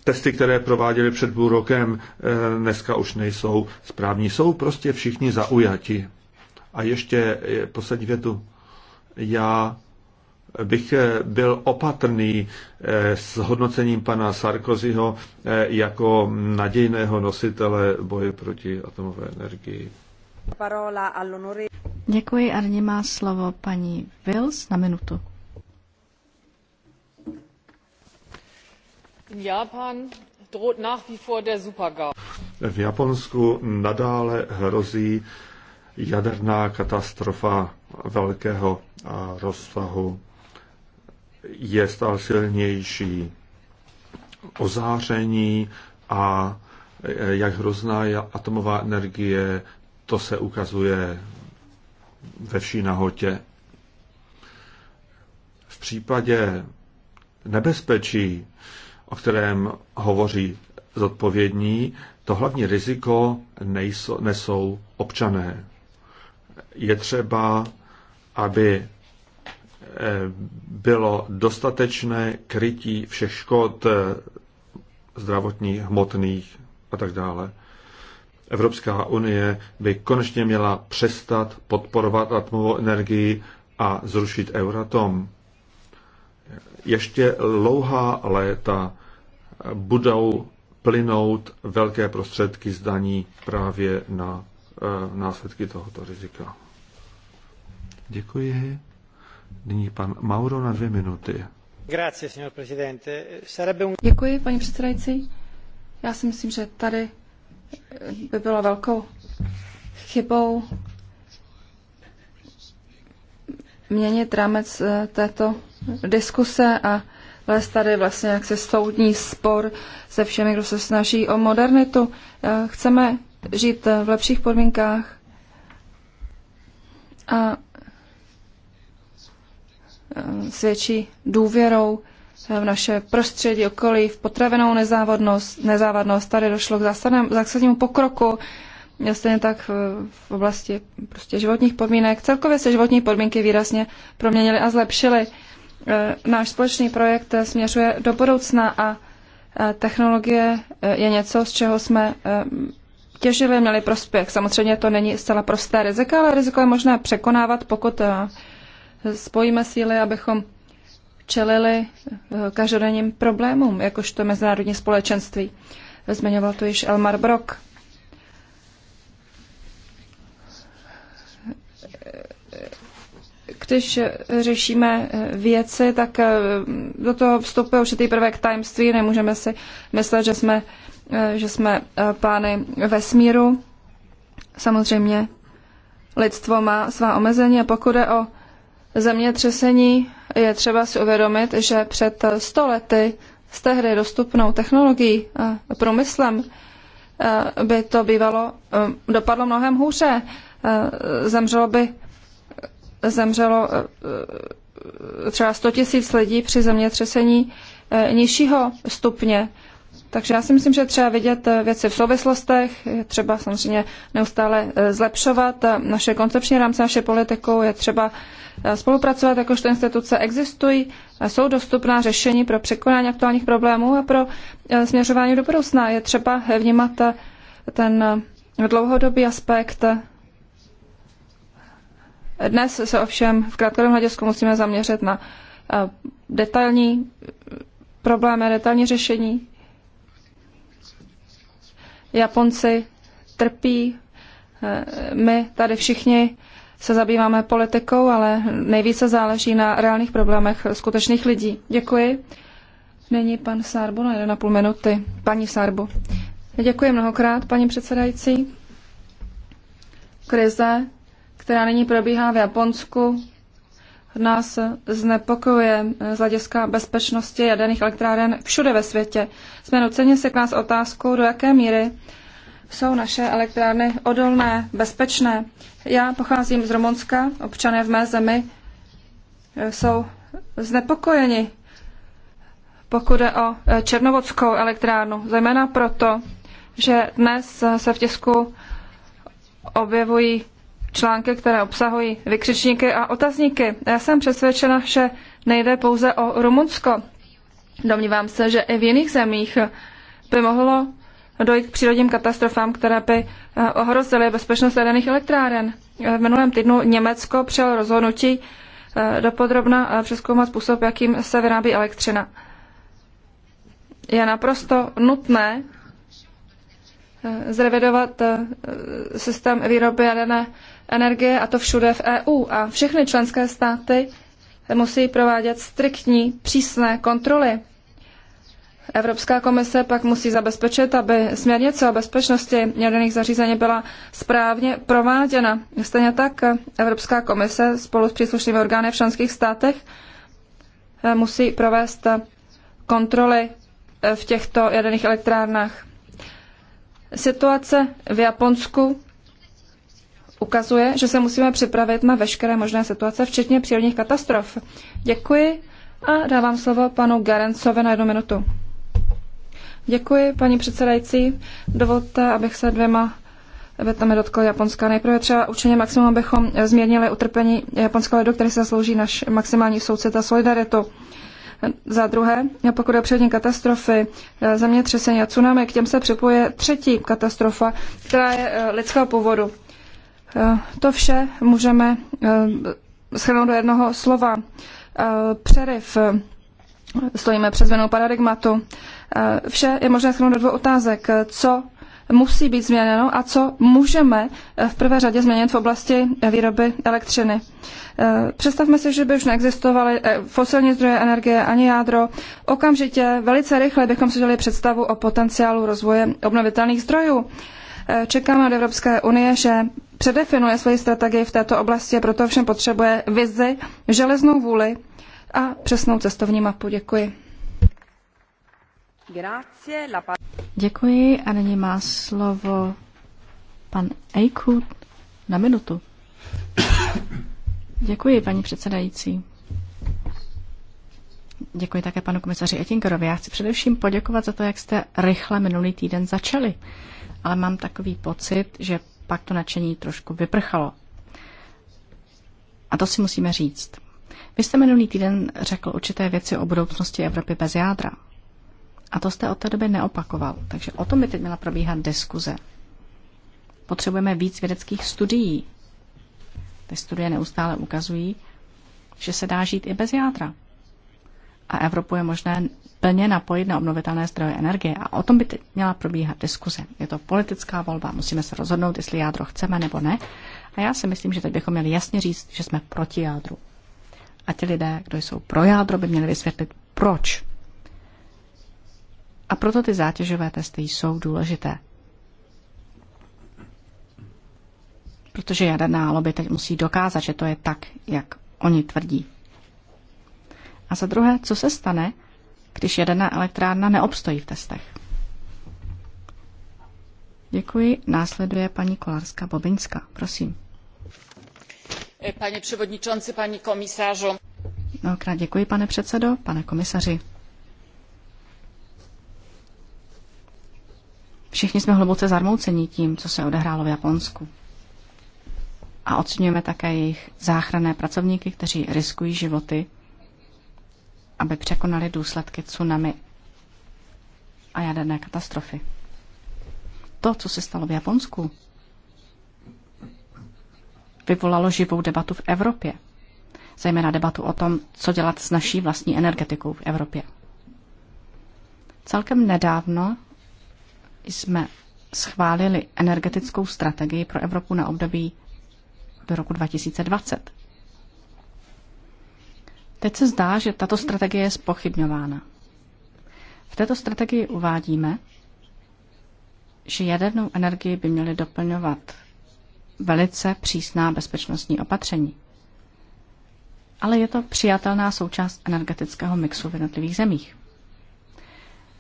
testy, které prováděli před půl rokem, eh, dneska už nejsou správní. Jsou prostě všichni zaujati. A ještě eh, poslední větu. Já bych eh, byl opatrný eh, s hodnocením pana Sarkozyho eh, jako nadějného nositele boje proti atomové energii. Děkuji a nyní má slovo paní Wills na minutu. Japan droht nach wie vor der Supergau. V Japonsku nadále hrozí jaderná katastrofa velkého rozsahu je stále silnější ozáření a e, jak hrozná je atomová energie, to se ukazuje ve vší nahotě. V případě nebezpečí, o kterém hovoří zodpovědní, to hlavní riziko nejsou, nesou občané. Je třeba, aby bylo dostatečné krytí všech škod eh, zdravotních, hmotných a tak dále. Evropská unie by konečně měla přestat podporovat atomovou energii a zrušit Euratom. Ještě dlouhá léta budou plynout velké prostředky zdaní právě na eh, následky tohoto rizika. Děkuji. Nyní pan Mauro na dvě minuty. Děkuji, paní předsedající. Já si myslím, že tady by bylo velkou chybou měnit rámec eh, této diskuse a vést tady vlastně jaksi soudní spor se všemi, kdo se snaží o modernitu. Eh, chceme žít v lepších podmínkách a Eh, s větší důvěrou eh, v naše prostředí, okolí, v potravenou nezávadnost. nezávadnost. Tady došlo k zásadnímu pokroku, stejně tak v oblasti prostě životních podmínek. Celkově se životní podmínky výrazně proměnily a zlepšily. Eh, náš společný projekt směřuje do budoucna a technologie je něco, z čeho jsme těžili, měli prospěch. Samozřejmě to není zcela prosté riziko, ale riziko je možné překonávat, pokud spojíme síly, abychom čelili eh, každodenním problémům, jakožto mezinárodní společenství. Zmiňoval to již Elmar Brock. Když řešíme eh, věci, tak eh, do toho vstupuje určitý prvek tajemství. Nemůžeme si myslet, že jsme, že jsme pány vesmíru. Samozřejmě lidstvo má svá omezení a pokud je o zemětřesení je třeba si uvědomit, že před 100 lety s tehdy dostupnou technologií a průmyslem eh, by to bývalo, eh, dopadlo mnohem hůře. Eh, zemřelo by zemřelo třeba 100 tisíc lidí při zemětřesení nižšího stupně. Takže já si myslím, že třeba vidět eh, věci v souvislostech, je třeba samozřejmě neustále eh, zlepšovat eh, naše koncepční rámce, naše politiku, je třeba spolupracovat, jakožto instituce existují, jsou dostupná řešení pro překonání aktuálních problémů a pro směřování do budoucna. Je třeba vnímat ten dlouhodobý aspekt. Dnes se ovšem v krátkodobém hledisku musíme zaměřit na detailní problémy, detailní řešení Japonci trpí, eh, my tady všichni se zabýváme politikou, ale nejvíce záleží na reálných problémech skutečných lidí. Děkuji. Není pan Sárbo na 1,5 minuty. Paní Sárbo. Děkuji mnohokrát, paní předsedající. Krize, která nyní probíhá v Japonsku, nás znepokojuje z hlediska bezpečnosti jaderných elektráren všude ve světě. Jsme nuceni se k nás otázkou, do jaké míry jsou naše elektrárny odolné, bezpečné. Já pocházím z Rumunska, občané v mé zemi eh, jsou znepokojeni, pokud jde o eh, Černovodskou elektrárnu, zejména proto, že dnes se v tisku objevují články, které obsahují vykřičníky a otazníky. Já jsem přesvědčena, že nejde pouze o Rumunsko. Domnívám se, že i v jiných zemích by mohlo dojít k přírodním katastrofám, které by eh, ohrozily bezpečnost jaderných elektráren. Eh, v minulém týdnu Německo přijalo rozhodnutí eh, dopodrobna přeskoumat způsob, jakým se vyrábí elektřina. Je naprosto nutné zrevidovat systém výroby jaderné energie, a to všude v EU. A všechny členské státy musí provádět striktní, přísné kontroly. Evropská komise pak musí zabezpečit, aby směrnice o bezpečnosti jaderných zařízení byla správně prováděna. Stejně tak Evropská komise spolu s příslušnými orgány v členských státech musí provést kontroly v těchto jaderných elektrárnách. Situace v Japonsku ukazuje, že se musíme připravit na veškeré možné situace, včetně přírodních katastrof. Děkuji a dávám slovo panu Garencovi na jednu minutu. Děkuji, paní předsedající. Dovolte, abych se dvěma větami dotkl Japonska. Nejprve třeba určitě maximum, abychom změnili utrpení japonského lidu, který se slouží naš maximální soucit a solidaritu. Za druhé, pokud je přední katastrofy, zemětřesení a tsunami, k těm se připoje třetí katastrofa, která je eh, lidského původu. Eh, to vše můžeme eh, shrnout do jednoho slova. Eh, Přeriv. Stojíme před změnou paradigmatu. Vše je možné shrnout do dvou otázek. Co musí být změněno a co můžeme v prvé řadě změnit v oblasti výroby elektřiny. Představme si, že by už neexistovaly fosilní zdroje energie ani jádro. Okamžitě, velice rychle bychom si dělali představu o potenciálu rozvoje obnovitelných zdrojů. Čekáme od Evropské unie, že předefinuje svoji strategii v této oblasti, proto všem potřebuje vizi, železnou vůli a přesnou cestovní mapu. Děkuji. Děkuji a nyní má slovo pan Ejku na minutu. Děkuji, paní předsedající. Děkuji také panu komisaři Etinkerovi. Já chci především poděkovat za to, jak jste rychle minulý týden začali. Ale mám takový pocit, že pak to nadšení trošku vyprchalo. A to si musíme říct. Vy jste minulý týden řekl určité věci o budoucnosti Evropy bez jádra. A to jste od té doby neopakoval. Takže o tom by teď měla probíhat diskuze. Potřebujeme víc vědeckých studií. Ty studie neustále ukazují, že se dá žít i bez jádra. A Evropu je možné plně napojit na obnovitelné zdroje energie. A o tom by teď měla probíhat diskuze. Je to politická volba, musíme se rozhodnout, jestli jádro chceme nebo ne. A já si myslím, že teď bychom měli jasně říct, že jsme proti jádru. A ti lidé, kdo jsou pro jádro, by měli vysvětlit, proč. A proto ty zátěžové testy jsou důležité. Protože jaderná lobby teď musí dokázat, že to je tak, jak oni tvrdí. A za druhé, co se stane, když jaderná elektrárna neobstojí v testech. Děkuji. Následuje paní Kolárská Bobinska. Prosím. Pane předsedající, paní komisářu. Mnohokrát děkuji, pane předsedo, pane komisaři. Všichni jsme hluboce zarmouceni tím, co se odehrálo v Japonsku. A oceňujeme také jejich záchranné pracovníky, kteří riskují životy aby překonali důsledky tsunami a jaderné katastrofy. To, co se stalo v Japonsku, vyvolalo živou debatu v Evropě, zejména debatu o tom, co dělat s naší vlastní energetikou v Evropě. Celkem nedávno jsme schválili energetickou strategii pro Evropu na období do roku 2020. Teď se zdá, že tato strategie je spochybňována. V této strategii uvádíme, že jadernou energii by měly doplňovat velice přísná bezpečnostní opatření. Ale je to přijatelná součást energetického mixu v jednotlivých zemích.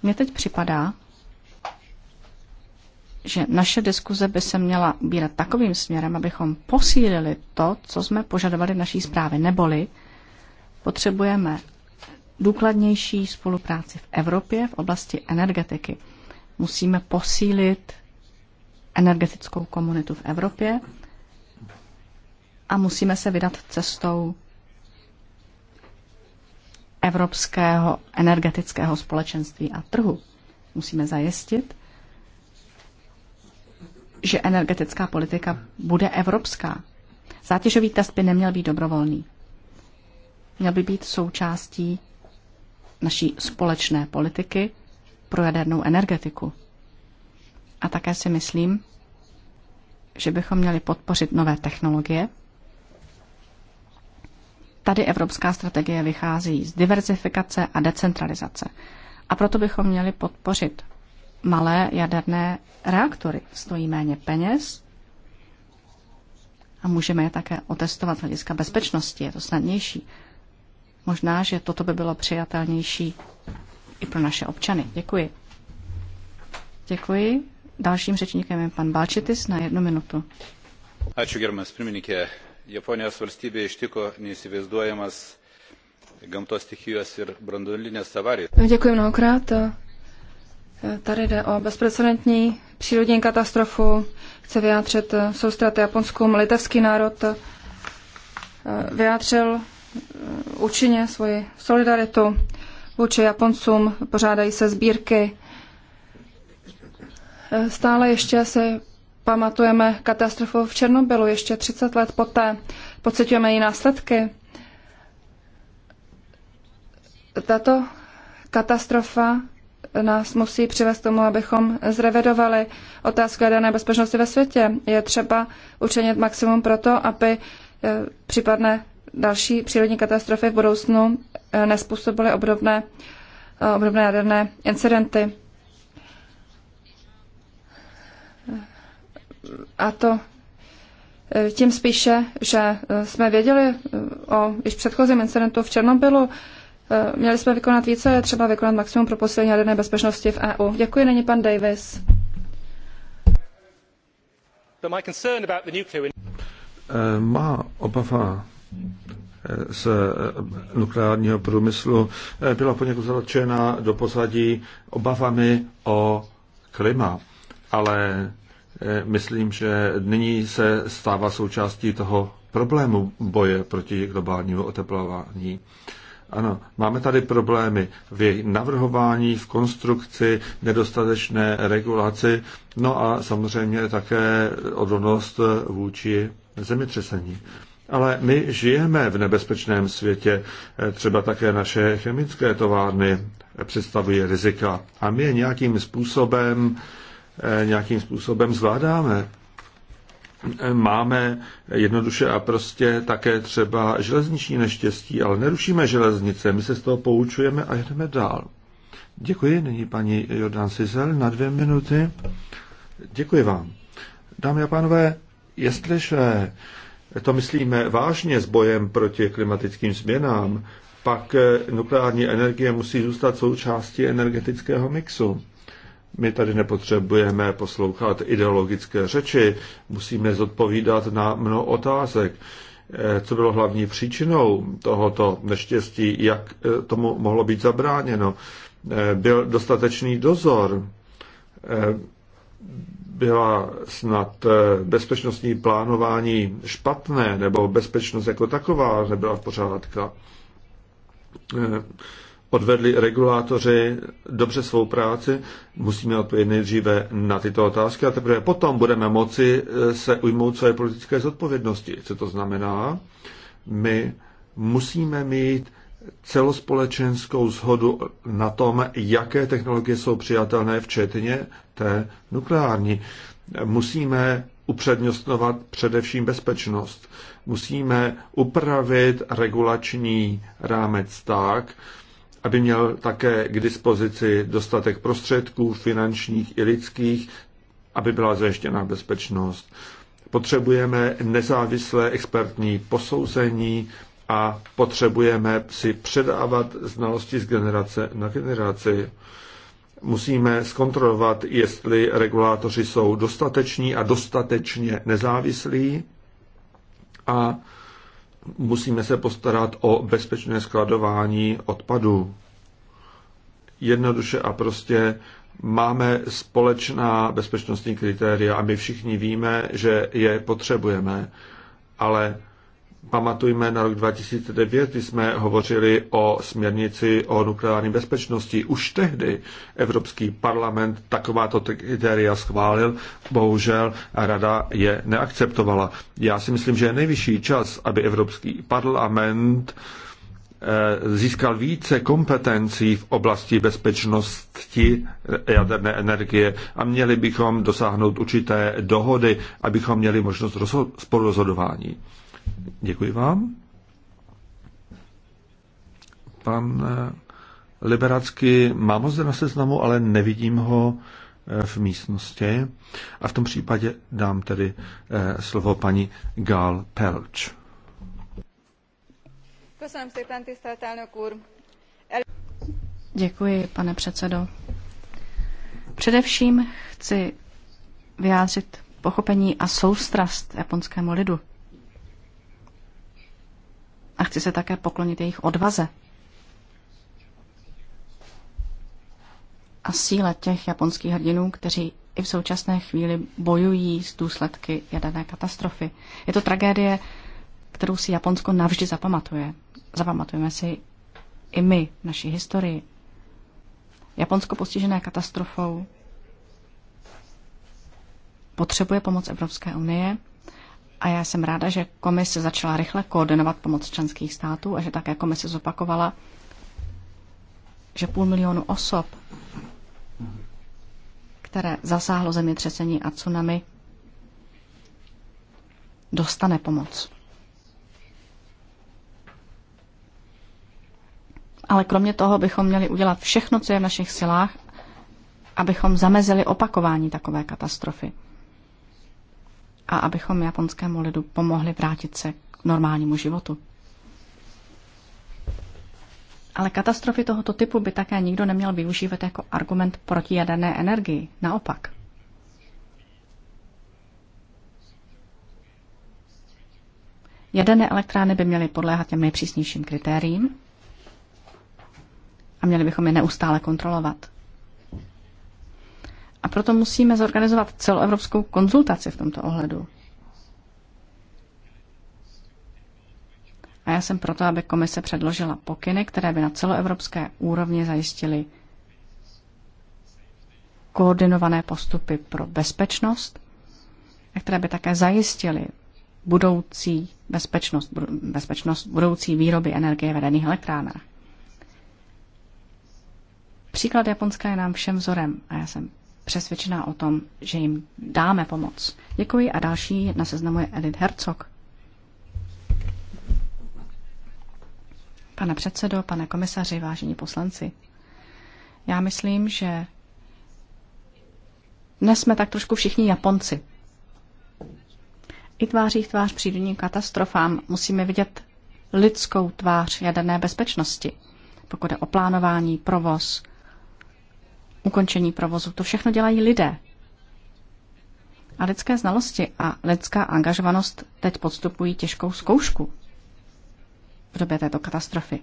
Mně teď připadá, že naše diskuze by se měla ubírat takovým směrem, abychom posílili to, co jsme požadovali v naší zprávě, neboli Potřebujeme důkladnější spolupráci v Evropě v oblasti energetiky. Musíme posílit energetickou komunitu v Evropě a musíme se vydat cestou evropského energetického společenství a trhu. Musíme zajistit, že energetická politika bude evropská. Zátěžový test by neměl být dobrovolný měl by být součástí naší společné politiky pro jadernou energetiku. A také si myslím, že bychom měli podpořit nové technologie. Tady evropská strategie vychází z diverzifikace a decentralizace. A proto bychom měli podpořit malé jaderné reaktory. Stojí méně peněz a můžeme je také otestovat z hlediska bezpečnosti. Je to snadnější. Možná, že toto by bylo přijatelnější i pro naše občany. Děkuji. Děkuji. Dalším řečníkem je pan Balčitis na jednu minutu. Ačiū, gerbiamas pirmininkė. Japonijos valstybė ištiko neįsivaizduojamas gamtos stichijos ir branduolinės avarijos. Děkuji mnohokrát. Tady jde o bezprecedentní přírodní katastrofu. Chce vyjádřit soustrat japonskou litevský národ. Vyjádřil účinně svoji solidaritu vůči Japoncům, pořádají se sbírky. Stále ještě si pamatujeme katastrofu v Černobylu, ještě 30 let poté pocitujeme její následky. Tato katastrofa nás musí přivést tomu, abychom zrevedovali otázku jaderné bezpečnosti ve světě. Je třeba učinit maximum pro to, aby eh, případné další přírodní katastrofy v budoucnu eh, nespůsobily obdobné, eh, obdobné jaderné incidenty. A to eh, tím spíše, že jsme věděli o již předchozím incidentu v Černobylu, měli jsme vykonat více, je třeba vykonat maximum pro posílení jaderné bezpečnosti v EU. Děkuji, není pan Davis. Má obava z eh, nukleárního průmyslu eh, byla poněkud zatčena do pozadí obavami o klima. Ale eh, myslím, že nyní se stává součástí toho problému boje proti globálnímu oteplování. Ano, máme tady problémy v jejich navrhování, v konstrukci, nedostatečné regulaci, no a samozřejmě také odolnost vůči zemětřesení. Ale my žijeme v nebezpečném světě. Eh, třeba také naše chemické továrny představují rizika. A my je nějakým způsobem, eh, nějakým způsobem zvládáme. Eh, máme jednoduše a prostě také třeba železniční neštěstí, ale nerušíme železnice, my se z toho poučujeme a jdeme dál. Děkuji, nyní paní Jordan Sizel na dvě minuty. Děkuji vám. Dámy a pánové, jestliže to myslíme vážně s bojem proti klimatickým změnám, pak eh, nukleární energie musí zůstat součástí energetického mixu. My tady nepotřebujeme poslouchat ideologické řeči, musíme zodpovídat na mnoho otázek. Eh, co bylo hlavní příčinou tohoto neštěstí, jak eh, tomu mohlo být zabráněno? Byl dostatečný dozor, byla snad eh, bezpečnostní plánování špatné, nebo bezpečnost jako taková nebyla v pořádku. Eh, odvedli regulátoři dobře svou práci, musíme odpovědět nejdříve na tyto otázky a teprve potom budeme moci eh, se ujmout své politické zodpovědnosti. Co to znamená? My musíme mít celospolečenskou zhodu na tom, jaké technologie jsou přijatelné, včetně té nukleární. Musíme upřednostňovat především bezpečnost. Musíme upravit regulační rámec tak, aby měl také k dispozici dostatek prostředků finančních i lidských, aby byla zajištěna bezpečnost. Potřebujeme nezávislé expertní posouzení, a potřebujeme si předávat znalosti z generace na generaci. Musíme zkontrolovat, jestli regulátoři jsou dostateční a dostatečně nezávislí a musíme se postarat o bezpečné skladování odpadů. Jednoduše a prostě máme společná bezpečnostní kritéria a my všichni víme, že je potřebujeme, ale pamatujme na rok 2009, kdy jsme hovořili o směrnici o nukleární bezpečnosti. Už tehdy Evropský parlament takováto kritéria schválil, bohužel rada je neakceptovala. Já si myslím, že je nejvyšší čas, aby Evropský parlament eh, získal více kompetencí v oblasti bezpečnosti jaderné energie a měli bychom dosáhnout určité dohody, abychom měli možnost spolurozhodování. Děkuji vám. Pan eh, Liberacký, mám zde na seznamu, ale nevidím ho eh, v místnosti. A v tom případě dám tedy eh, slovo paní Gál Pelč. Děkuji, pane předsedo. Především chci vyjádřit pochopení a soustrast japonskému lidu a chci se také poklonit jejich odvaze a síle těch japonských hrdinů, kteří i v současné chvíli bojují s důsledky jaderné katastrofy. Je to tragédie, kterou si Japonsko navždy zapamatuje. Zapamatujeme si i my v naší historii. Japonsko postižené katastrofou potřebuje pomoc Evropské unie a já jsem ráda, že komise začala rychle koordinovat pomoc členských států a že také komise zopakovala, že půl milionu osob, které zasáhlo zemětřesení a tsunami, dostane pomoc. Ale kromě toho bychom měli udělat všechno, co je v našich silách, abychom zamezili opakování takové katastrofy a abychom japonskému lidu pomohli vrátit se k normálnímu životu. Ale katastrofy tohoto typu by také nikdo neměl využívat jako argument proti jaderné energii. Naopak. Jaderné elektrárny by měly podléhat těm nejpřísnějším kritériím a měli bychom je neustále kontrolovat. A proto musíme zorganizovat celoevropskou konzultaci v tomto ohledu. A já jsem proto, aby komise předložila pokyny, které by na celoevropské úrovni zajistily koordinované postupy pro bezpečnost a které by také zajistily budoucí bezpečnost, bezpečnost budoucí výroby energie v vedených elektrárnách. Příklad Japonska je nám všem vzorem a já jsem přesvědčená o tom, že jim dáme pomoc. Děkuji a další na seznamu je Edith Herzog. Pane předsedo, pane komisaři, vážení poslanci, já myslím, že dnes jsme tak trošku všichni Japonci. I tváří v tvář přírodním katastrofám musíme vidět lidskou tvář jaderné bezpečnosti, pokud je o plánování, provoz, ukončení provozu. To všechno dělají lidé. A lidské znalosti a lidská angažovanost teď podstupují těžkou zkoušku v době této katastrofy.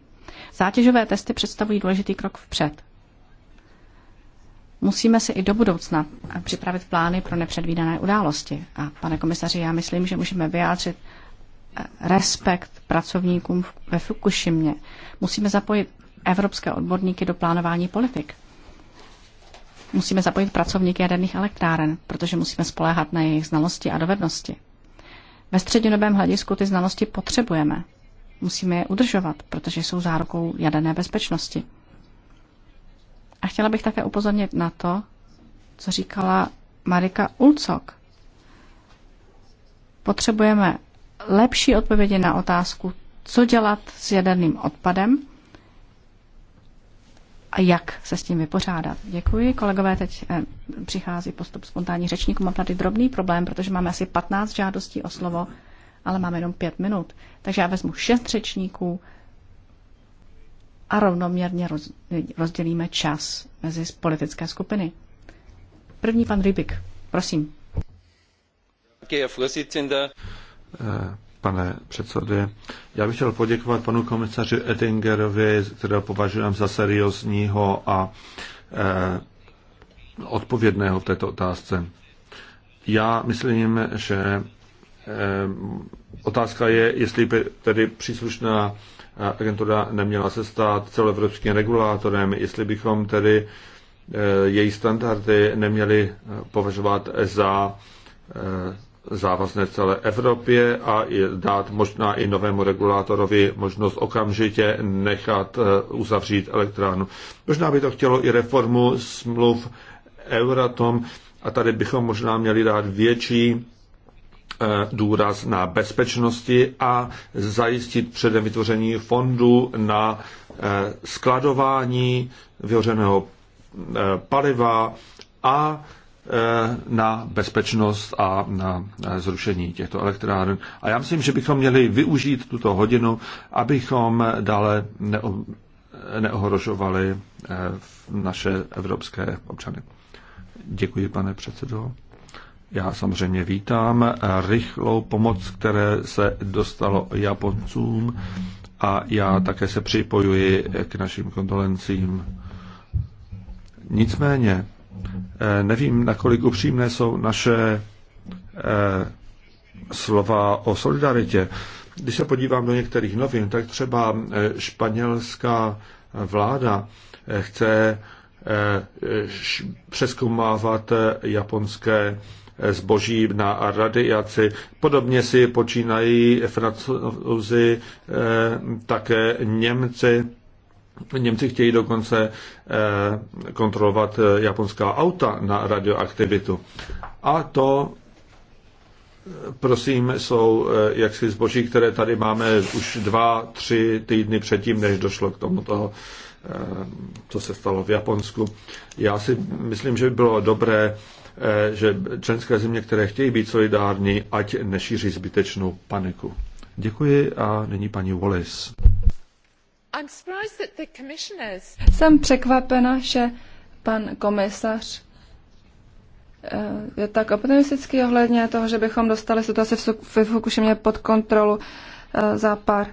Zátěžové testy představují důležitý krok vpřed. Musíme si i do budoucna připravit plány pro nepředvídané události. A pane komisaři, já myslím, že můžeme vyjádřit eh, respekt pracovníkům ve Fukušimě. Musíme zapojit evropské odborníky do plánování politik. Musíme zapojit pracovníky jaderných elektráren, protože musíme spoléhat na jejich znalosti a dovednosti. Ve střednědobém hledisku ty znalosti potřebujeme. Musíme je udržovat, protože jsou zárukou jaderné bezpečnosti. A chtěla bych také upozornit na to, co říkala Marika Ulcok. Potřebujeme lepší odpovědi na otázku, co dělat s jaderným odpadem, a jak se s tím vypořádat. Děkuji. Kolegové, teď eh, přichází postup spontánní řečníku. Mám tady drobný problém, protože máme asi 15 žádostí o slovo, ale máme jenom 5 minut. Takže já vezmu 6 řečníků a rovnoměrně rozdělíme čas mezi politické skupiny. První pan Rybik, prosím pane předsedě. Já bych chtěl poděkovat panu komisaři Ettingerovi, kterého považujem za seriózního a eh, odpovědného v této otázce. Já myslím, že eh, otázka je, jestli by tedy příslušná eh, agentura neměla se stát celoevropským regulátorem, jestli bychom tedy eh, její standardy neměli eh, považovat za eh, závazné celé Evropě a dát možná i novému regulátorovi možnost okamžitě nechat eh, uzavřít elektránu. Možná by to chtělo i reformu smluv Euratom a tady bychom možná měli dát větší eh, důraz na bezpečnosti a zajistit předem vytvoření fondu na eh, skladování vyhořeného paliva a Eh, na bezpečnost a na eh, zrušení těchto elektráren. A já myslím, že bychom měli využít tuto hodinu, abychom dále neo, neohrožovali eh, naše evropské občany. Děkuji, pane předsedo. Já samozřejmě vítám rychlou pomoc, které se dostalo Japoncům a já také se připojuji k našim kondolencím. Nicméně, Eh, nevím, nakolik upřímné jsou naše eh, slova o solidaritě. Když se podívám do některých novin, tak třeba eh, španělská vláda chce přeskoumávat japonské zboží na radiaci. Podobně si počínají francouzi, také Němci. Němci chtějí dokonce eh, kontrolovat eh, japonská auta na radioaktivitu. A to eh, prosím, jsou jaksi zboží, které tady máme už dva, tři týdny předtím, než došlo k tomu toho, co se stalo v Japonsku. Já si myslím, že by bylo dobré, že členské země, které chtějí být solidární, ať nešíří zbytečnou paniku. Děkuji a nyní paní Wallis. Jsem překvapena, že pan komisař eh, je tak optimistický ohledně toho, že bychom dostali situaci v Fukušimě pod kontrolu eh, za pár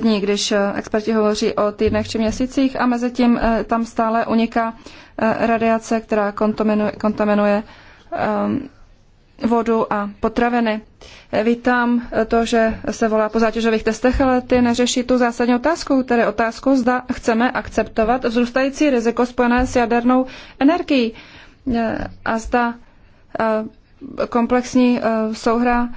dní, když eh, experti hovoří o týdnech či měsících a mezi tím tam stále uniká radiace, která kontaminuje, kontaminuje ehm, vodu a potraviny. Vítám to, že se volá po zátěžových testech, ale ty neřeší tu zásadní otázku, tedy otázku, zda chceme akceptovat vzrůstající riziko spojené s jadernou energií a zda eh, komplexní eh, souhra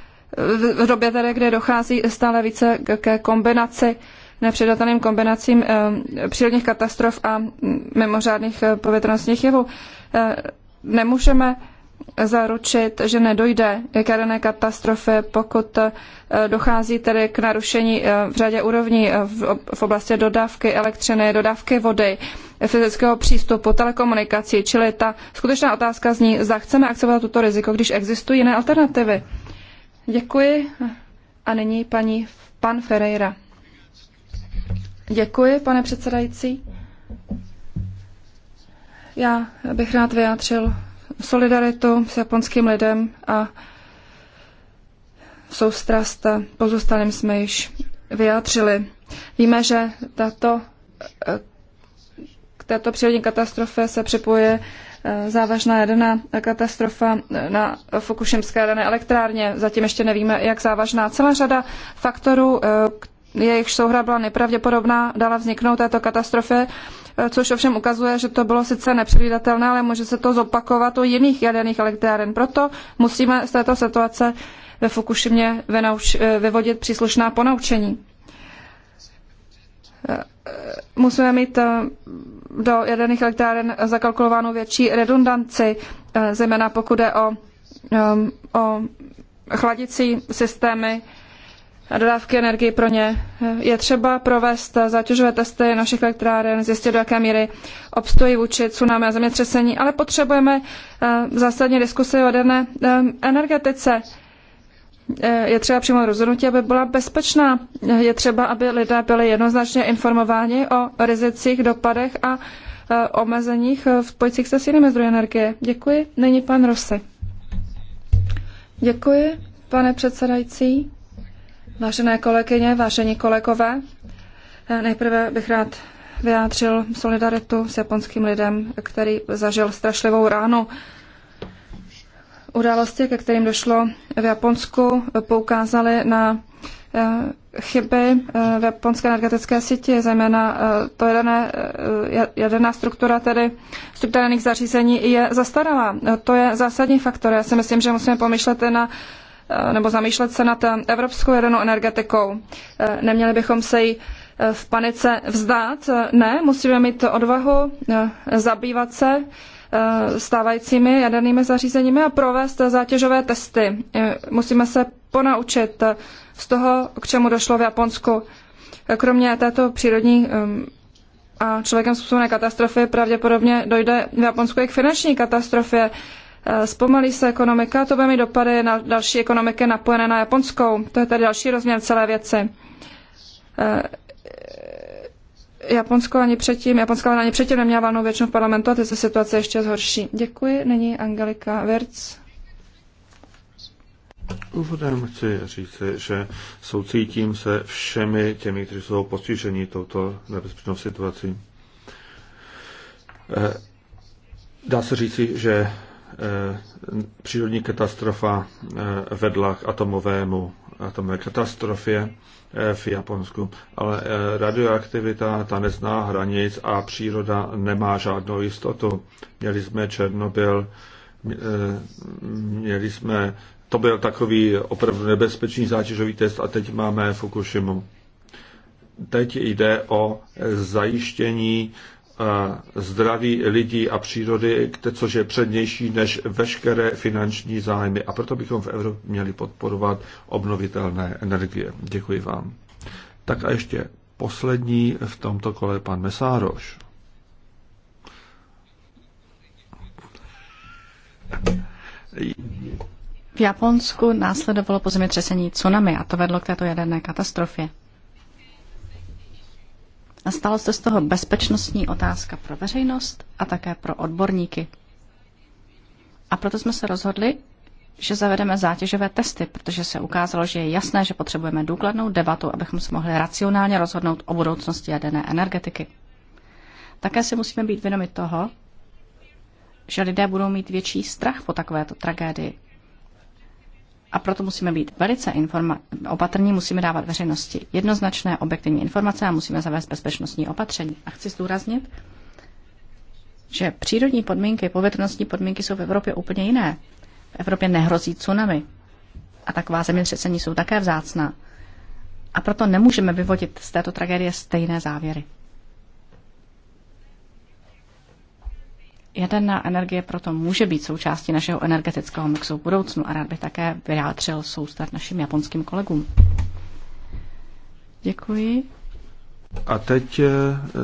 v době tedy, kde dochází stále více ke kombinaci nepředatelným kombinacím eh, přírodních katastrof a mimořádných povětrnostních jevů. Nemůžeme zaručit, že nedojde k jaderné katastrofě, pokud eh, dochází tedy k narušení eh, v řadě úrovní eh, v oblasti dodávky elektřiny, dodávky vody, fyzického přístupu, telekomunikací. Čili ta skutečná otázka zní, zda chceme akceptovat toto riziko, když existují jiné alternativy. Děkuji. A nyní paní pan Ferreira. Děkuji, pane předsedající. Já bych rád vyjádřil solidaritu s japonským lidem a soustrast pozůstalým jsme již vyjádřili. Víme, že tato, eh, k této přírodní katastrofe se připoje eh, závažná jaderná katastrofa na Fukushimské jaderné elektrárně. Zatím ještě nevíme, jak závažná. Celá řada faktorů, eh, jejichž souhra byla nepravděpodobná, dala vzniknout této katastrofě Eh, což ovšem ukazuje, že to bylo sice nepředvídatelné, ale může se to zopakovat u jiných jaderných elektráren. Proto musíme z této situace ve Fukušimě eh, vyvodit příslušná ponaučení. Eh, musíme mít do jaderných elektráren zakalkulovanou větší redundanci, zejména pokud jde o, o chladicí systémy, dodávky energii pro ně. Je třeba provést zátěžové testy našich elektráren, zjistit, do jaké míry obstojí vůči tsunami a zemětřesení, ale potřebujeme eh, zásadně diskusy o jaderné eh, energetice. Eh, je třeba přijmout rozhodnutí, aby byla bezpečná. Je třeba, aby lidé byli jednoznačně informováni o rizicích, dopadech a omezeních v pojicích se s jinými zdroji energie. Děkuji. Není pan Rosy. Děkuji, pane předsedající. Vážené kolegyně, vážení kolegové, nejprve bych rád vyjádřil solidaritu s japonským lidem, který zažil strašlivou ránu. Události, ke kterým došlo v Japonsku, poukázaly na eh, chyby eh, v japonské energetické síti, zejména eh, to jedené, jedená struktura tedy struktura zařízení je zastaralá. To je zásadní faktor. Já si myslím, že musíme pomyšlet i na Eh, nebo zamýšlet se nad eh, evropskou jadernou energetikou. Eh, neměli bychom se jí v panice vzdát. Ne, musíme mít odvahu zabývat se stávajícími jadernými zařízeními a provést zátěžové testy. Musíme se ponaučit z toho, k čemu došlo v Japonsku. Kromě této přírodní a člověkem způsobené katastrofy pravděpodobně dojde v Japonsku i k finanční katastrofě Eh, zpomalí se ekonomika, to bude mít dopady na další ekonomiky napojené na japonskou. To je tedy další rozměr celé věci. Eh, Japonsko ani předtím, Japonská ani předtím neměla valnou většinu v parlamentu a teď se situace ještě zhorší. Děkuji. Není Angelika Verc. Úvodem chci říct, že soucítím se všemi těmi, kteří jsou postiženi touto nebezpečnou situací. Eh, dá se říci, že Eh, přírodní katastrofa eh, vedla k atomovému, atomové katastrofě eh, v Japonsku. Ale radioaktivita ta nezná hranic a příroda nemá žádnou jistotu. Měli jsme Černobyl, měli jsme, to byl takový opravdu nebezpečný zátěžový test a teď máme Fukushimu. Teď jde o zajištění zdraví lidí a přírody, což je přednější než veškeré finanční zájmy. A proto bychom v Evropě měli podporovat obnovitelné energie. Děkuji vám. Tak a ještě poslední v tomto kole pan Mesároš. V Japonsku následovalo po zemětřesení tsunami a to vedlo k této jaderné katastrofě. A stalo se z toho bezpečnostní otázka pro veřejnost a také pro odborníky. A proto jsme se rozhodli, že zavedeme zátěžové testy, protože se ukázalo, že je jasné, že potřebujeme důkladnou debatu, abychom se mohli racionálně rozhodnout o budoucnosti jaderné energetiky. Také si musíme být vědomi toho, že lidé budou mít větší strach po takovéto tragédii. A proto musíme být velice informa- opatrní, musíme dávat veřejnosti jednoznačné objektivní informace a musíme zavést bezpečnostní opatření. A chci zdůraznit, že přírodní podmínky, povětrnostní podmínky jsou v Evropě úplně jiné. V Evropě nehrozí tsunami. A taková zemětřesení jsou také vzácná. A proto nemůžeme vyvodit z této tragédie stejné závěry. Jaderná energie proto může být součástí našeho energetického mixu v budoucnu a rád bych také vyjádřil soustat našim japonským kolegům. Děkuji. A teď eh,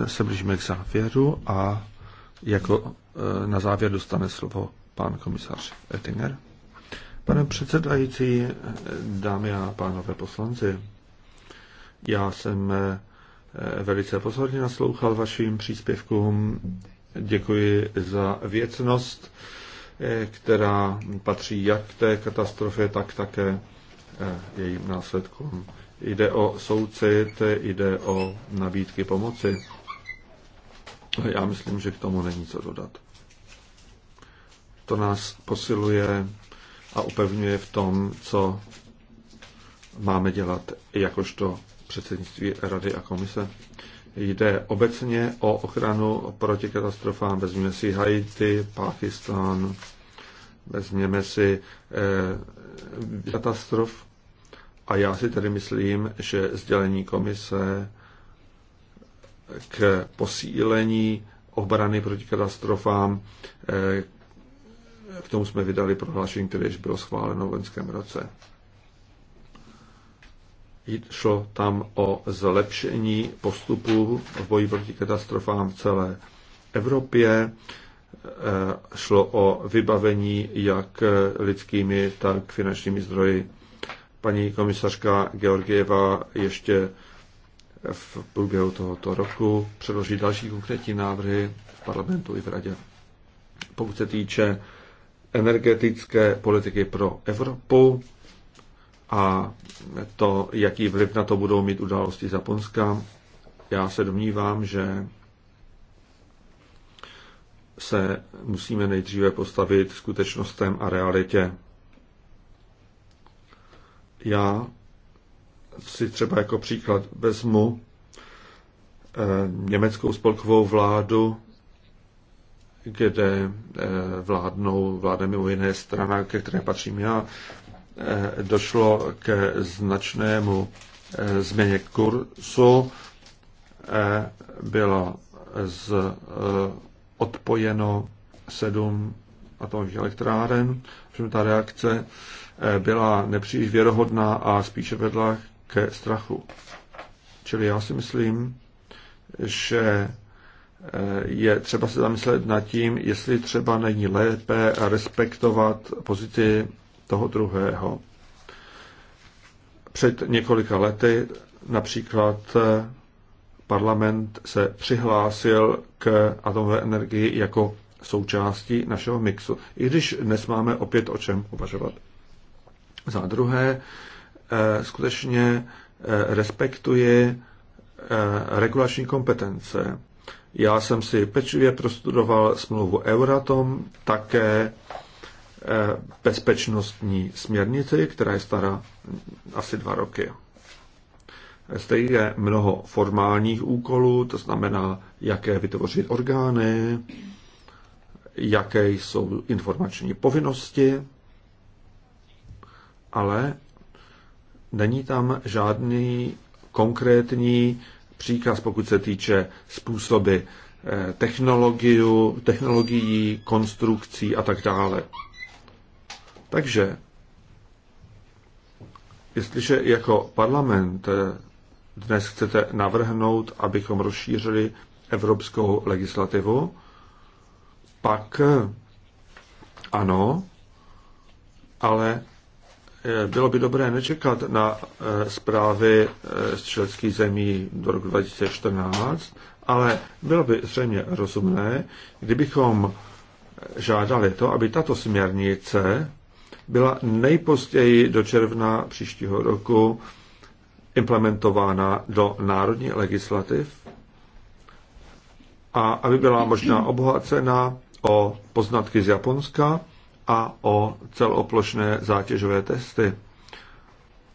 se blížíme k závěru a jako eh, na závěr dostane slovo pan komisař Ettinger. Pane předsedající, eh, dámy a pánové poslanci, já jsem velice pozorně naslouchal vašim příspěvkům Děkuji za věcnost, eh, která patří jak k té katastrofě, tak také eh, jejím následkům. Jde o soucit, jde o nabídky pomoci. Já myslím, že k tomu není co dodat. To nás posiluje a upevňuje v tom, co máme dělat jakožto předsednictví Rady a komise. Jde obecně o ochranu proti katastrofám. Vezměme si Haiti, Pakistán, vezměme si eh, katastrof. A já si tedy myslím, že sdělení komise k posílení obrany proti katastrofám, eh, k tomu jsme vydali prohlášení, které již bylo schváleno v loňském roce šlo tam o zlepšení postupů v boji proti katastrofám v celé Evropě. E, šlo o vybavení jak lidskými, tak finančními zdroji. Paní komisařka Georgieva ještě v průběhu tohoto roku předloží další konkrétní návrhy v parlamentu i v radě. Pokud se týče energetické politiky pro Evropu, a to, jaký vliv na to budou mít události z Japonska. Já se domnívám, že se musíme nejdříve postavit skutečnostem a realitě. Já si třeba jako příklad vezmu eh, německou spolkovou vládu, kde eh, vládnou, vládne mimo jiné strana, ke které patřím já, Eh, došlo k značnému eh, změně kursu, eh, bylo z, odpojeno sedm atomových elektráren, protože ta reakce byla nepříliš věrohodná a spíše vedla ke strachu. Čili já si myslím, že je třeba se zamyslet nad tím, jestli třeba není lépe respektovat pozici toho druhého. Před několika lety například parlament se přihlásil k atomové energii jako součástí našeho mixu, i když dnes máme opět o čem uvažovat. Za druhé, eh, skutečně eh, respektuje eh, regulační kompetence. Já jsem si pečlivě prostudoval smlouvu Euratom, také Eh, bezpečnostní směrnici, která je stará asi dva roky. Zde je mnoho formálních úkolů, to znamená, jaké vytvořit orgány, jaké jsou informační povinnosti, ale není tam žádný konkrétní příkaz, pokud se týče způsoby eh, technologií, konstrukcí a tak dále. Takže, jestliže jako parlament eh, dnes chcete navrhnout, abychom rozšířili evropskou legislativu, pak eh, ano, ale eh, bylo by dobré nečekat na zprávy z členských zemí do roku 2014, ale bylo by zřejmě rozumné, kdybychom žádali to, aby tato směrnice byla nejpozději do června příštího roku implementována do národní legislativ a aby byla možná obohacena o poznatky z Japonska a o celoplošné zátěžové testy.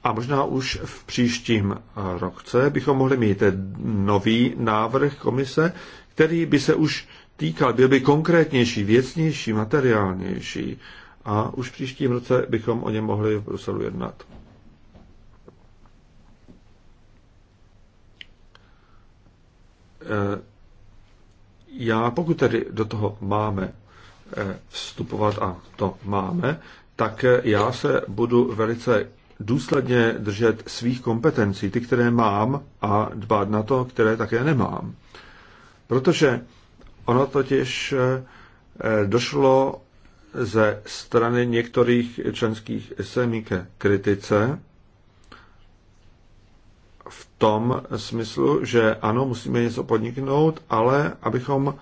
A možná už v příštím roce bychom mohli mít nový návrh komise, který by se už týkal, byl by konkrétnější, věcnější, materiálnější a už v příštím roce bychom o něm mohli v Bruselu jednat. Eh, já, pokud tedy do toho máme eh, vstupovat a to máme, tak eh, já se budu velice důsledně držet svých kompetencí, ty, které mám, a dbát na to, které také nemám. Protože ono totiž došlo ze strany některých členských zemí ke kritice v tom smyslu, že ano, musíme něco podniknout, ale abychom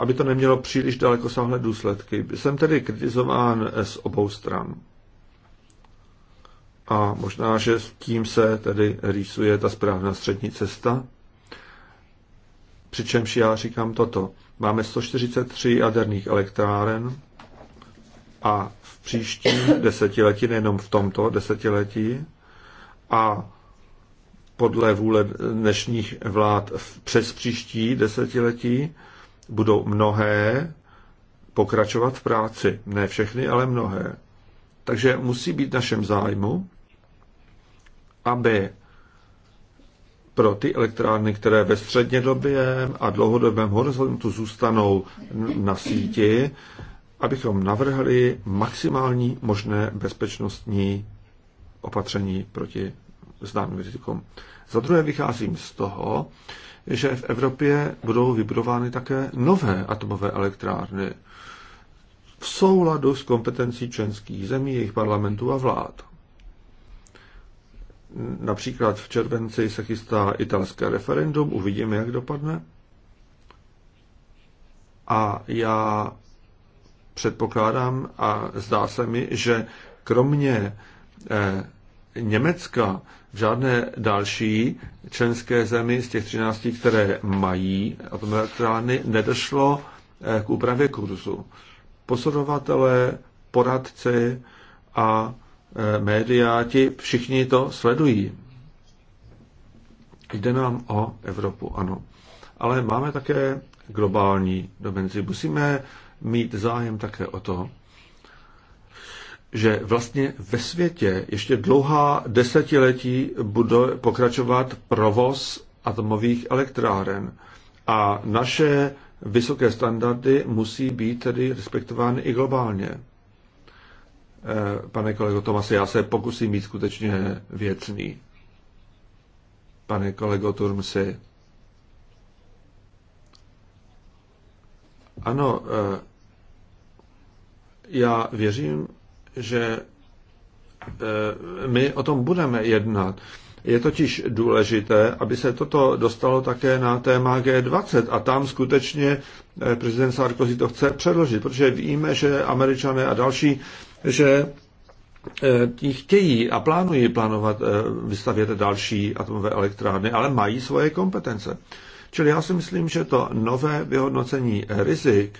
aby to nemělo příliš daleko dalekosáhlé důsledky. Jsem tedy kritizován z obou stran. A možná, že s tím se tedy rýsuje ta správná střední cesta. Přičemž já říkám toto. Máme 143 jaderných elektráren, a v příštím desetiletí, nejenom v tomto desetiletí, a podle vůle dnešních vlád přes příští desetiletí budou mnohé pokračovat v práci. Ne všechny, ale mnohé. Takže musí být našem zájmu, aby pro ty elektrárny, které ve střednědobém a dlouhodobém horizontu zůstanou na síti, abychom navrhli maximální možné bezpečnostní opatření proti známým rizikům. Za druhé vycházím z toho, že v Evropě budou vybudovány také nové atomové elektrárny v souladu s kompetencí členských zemí, jejich parlamentů a vlád. Například v červenci se chystá italské referendum, uvidíme, jak dopadne. A já předpokládám a zdá se mi, že kromě eh, Německa v žádné další členské zemi z těch 13, které mají atomové elektrárny, nedošlo eh, k úpravě kurzu. Pozorovatelé, poradci a eh, média, ti všichni to sledují. Jde nám o Evropu, ano. Ale máme také globální dimenzi. Musíme mít zájem také o to, že vlastně ve světě ještě dlouhá desetiletí bude pokračovat provoz atomových elektráren. A naše vysoké standardy musí být tedy respektovány i globálně. Eh, pane kolego Tomase, já se pokusím být skutečně věcný. Pane kolego Turmsi. Ano, eh, já věřím, že eh, my o tom budeme jednat. Je totiž důležité, aby se toto dostalo také na téma G20 a tam skutečně eh, prezident Sarkozy to chce předložit, protože víme, že američané a další, že eh, ti chtějí a plánují plánovat vystavět další atomové elektrárny, ale mají svoje kompetence. Čili já si myslím, že to nové vyhodnocení rizik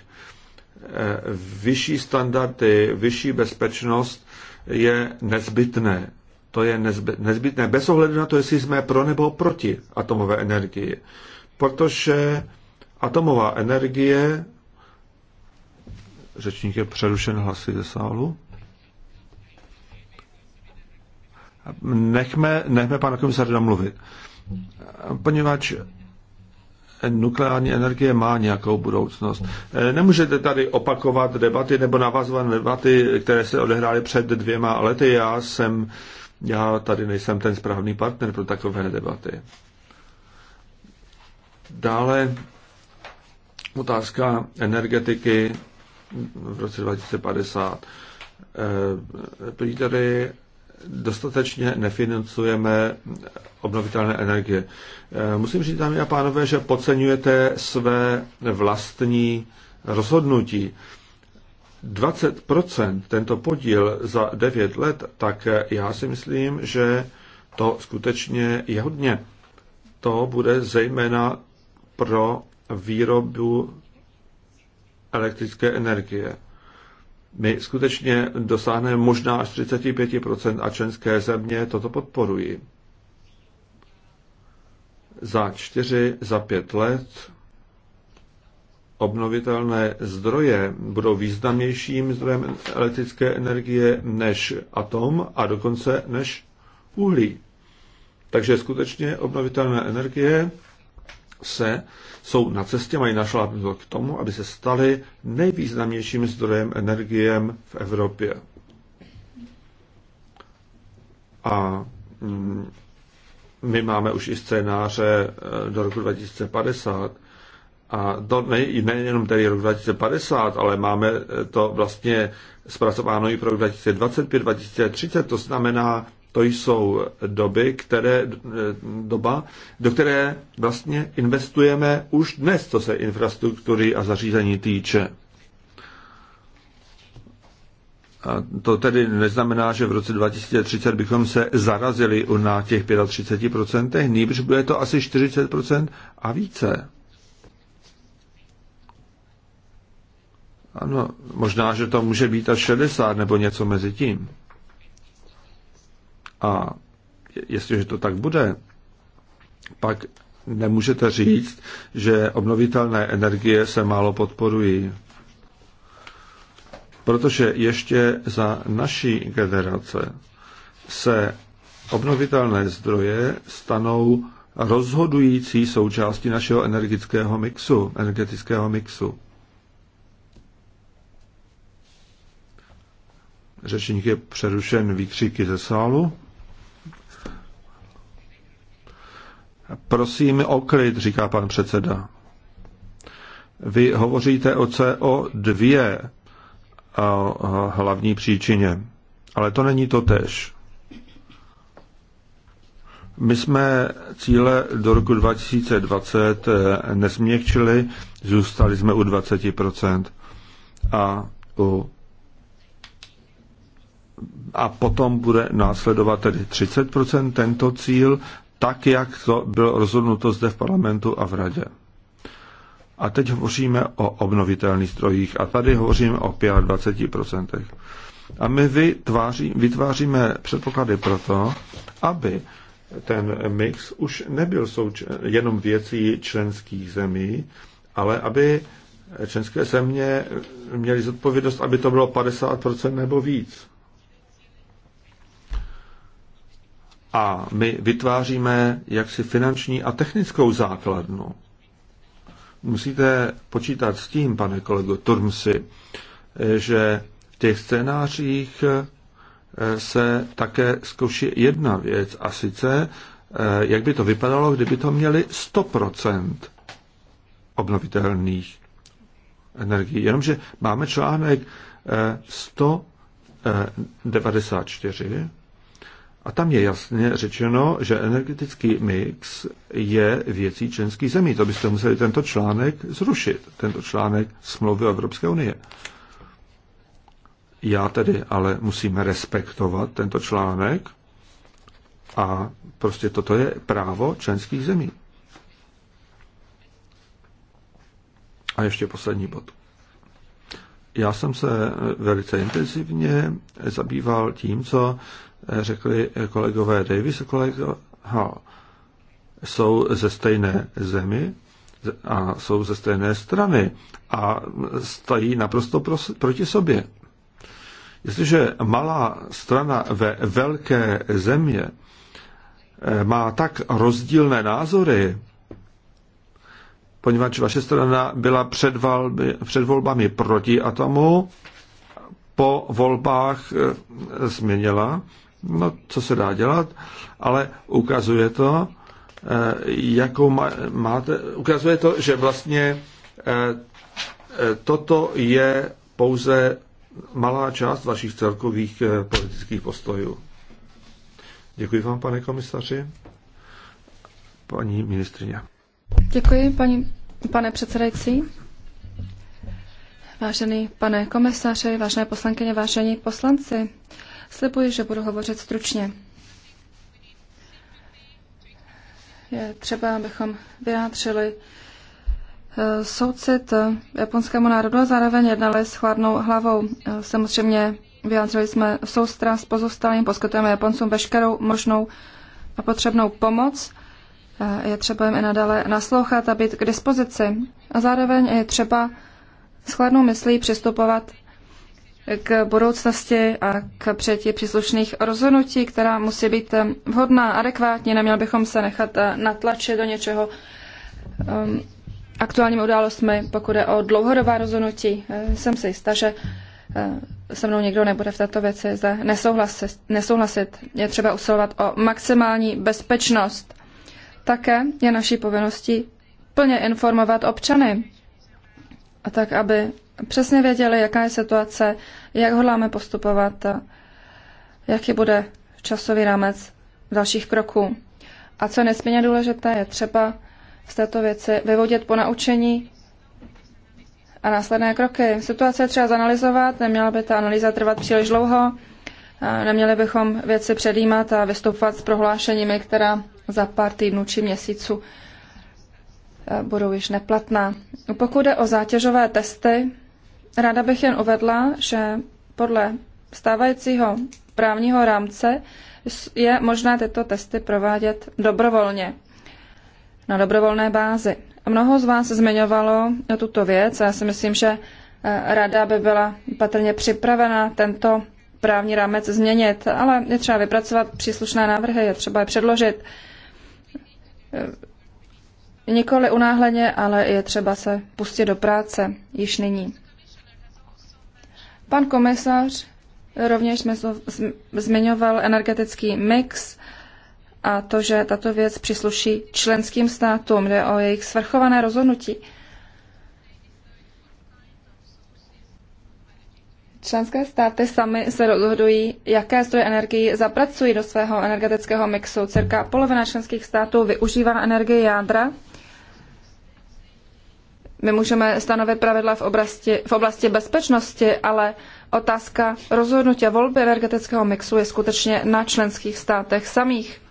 Eh, vyšší standardy, vyšší bezpečnost je nezbytné. To je nezbytné bez ohledu na to, jestli jsme pro nebo proti atomové energii. Protože atomová energie, řečník je přerušen hlasy ze sálu, Nechme, nechme pana komisaře domluvit. Poněvadž nukleární energie má nějakou budoucnost. Eh, nemůžete tady opakovat debaty nebo navazovat debaty, které se odehrály před dvěma lety. Já jsem, já tady nejsem ten správný partner pro takové debaty. Dále otázka energetiky v roce 2050. Eh, prý tady dostatečně nefinancujeme obnovitelné energie. Eh, musím říct, dámy a pánové, že podceňujete své vlastní rozhodnutí. 20% tento podíl za 9 let, tak já si myslím, že to skutečně je hodně. To bude zejména pro výrobu elektrické energie. My skutečně dosáhneme možná až 35% a členské země toto podporují. Za čtyři, za pět let obnovitelné zdroje budou významnějším zdrojem elektrické energie než atom a dokonce než uhlí. Takže skutečně obnovitelné energie se, jsou na cestě, mají našlápnuto k tomu, aby se staly nejvýznamnějším zdrojem energiem v Evropě. A mm, my máme už i scénáře eh, do roku 2050, a to nejenom ne tedy rok 2050, ale máme eh, to vlastně zpracováno i pro 2025, 2030, to znamená to jsou doby, které, eh, doba, do které vlastně investujeme už dnes, co se infrastruktury a zařízení týče. A to tedy neznamená, že v roce 2030 bychom se zarazili na těch 35%, nejbrž bude to asi 40% a více. Ano, možná, že to může být až 60 nebo něco mezi tím. A jestliže to tak bude, pak nemůžete říct, že obnovitelné energie se málo podporují. Protože ještě za naší generace se obnovitelné zdroje stanou rozhodující součástí našeho energetického mixu, energetického mixu. Řečník je přerušen výkřiky ze sálu. Prosím o klid, říká pan předseda. Vy hovoříte o CO2 a hlavní příčině, ale to není to tež. My jsme cíle do roku 2020 eh, nesměkčili, zůstali jsme u 20% a u a potom bude následovat tedy 30% tento cíl tak, jak to bylo rozhodnuto zde v parlamentu a v radě. A teď hovoříme o obnovitelných strojích a tady hovoříme o 25%. A my vytváří, vytváříme předpoklady pro to, aby ten mix už nebyl souč- jenom věcí členských zemí, ale aby členské země měly zodpovědnost, aby to bylo 50% nebo víc. A my vytváříme jaksi finanční a technickou základnu. Musíte počítat s tím, pane kolego Turmsi, že v těch scénářích eh, se také zkouší jedna věc, a sice, eh, jak by to vypadalo, kdyby to měli 100% obnovitelných energií. Jenomže máme článek 194, eh, a tam je jasně řečeno, že energetický mix je věcí členských zemí. To byste museli tento článek zrušit, tento článek smlouvy Evropské unie. Já tedy ale musím respektovat tento článek a prostě toto je právo členských zemí. A ještě poslední bod. Já jsem se velice intenzivně zabýval tím, co Eh, řekli eh, kolegové Davis a kolega Hall, jsou ze stejné zemi a jsou ze stejné strany a stají naprosto proti sobě. Jestliže malá strana ve velké země eh, má tak rozdílné názory, poněvadž vaše strana byla před, valby, před volbami proti atomu, po volbách změnila no, co se dá dělat, ale ukazuje to, eh, jakou máte, ukazuje to, že vlastně eh, eh, toto je pouze malá část vašich celkových politických postojů. Děkuji vám, pane komisaři. Paní ministrině. Děkuji, paní, pane předsedající. Vážený pane komisaři, vážené poslankyně, vážení poslanci, Slibuji, že budu hovořit stručně. Je třeba, abychom vyjádřili eh, soucit eh, japonskému národu a zároveň jednali s chladnou hlavou. Eh, samozřejmě vyjádřili jsme soustrast pozůstalým, poskytujeme Japoncům veškerou možnou a potřebnou pomoc. Je třeba jim i nadále naslouchat a být k dispozici. A zároveň je třeba s chladnou myslí přistupovat k budoucnosti a k přijetí příslušných rozhodnutí, která musí být eh, vhodná, adekvátní, neměl bychom se nechat eh, natlačit do něčeho um, aktuálními událostmi, pokud je o dlouhodobá rozhodnutí. Eh, jsem si jistá, že se mnou někdo nebude v této věci zde nesouhlasit. nesouhlasit. Je třeba usilovat o maximální bezpečnost. Také je naší povinností plně informovat občany tak aby přesně věděli, jaká je situace, jak hodláme postupovat, jaký bude časový rámec dalších kroků. A co je nesmírně důležité, je třeba z této věci vyvodit po naučení a následné kroky. Situace je třeba zanalizovat, neměla by ta analýza trvat příliš dlouho, neměli bychom věci předjímat a vystupovat s prohlášeními, která za pár týdnů či měsíců Eh, budou již neplatná. Pokud jde o zátěžové testy, ráda bych jen uvedla, že podle stávajícího právního rámce je možné tyto testy provádět dobrovolně, na dobrovolné bázi. Mnoho z vás zmiňovalo tuto věc a já si myslím, že eh, rada by byla patrně připravena tento právní rámec změnit, ale je třeba vypracovat příslušné návrhy, je třeba je předložit. Eh, Nikoli unáhleně, ale je třeba se pustit do práce již nyní. Pan komisař rovněž zmiňoval energetický mix a to, že tato věc přisluší členským státům, jde o jejich svrchované rozhodnutí. Členské státy sami se rozhodují, jaké zdroje energii zapracují do svého energetického mixu. Cirka polovina členských států využívá energii jádra my můžeme stanovit pravidla v oblasti, v oblasti bezpečnosti, ale otázka rozhodnutí a volby energetického mixu je skutečně na členských státech samých.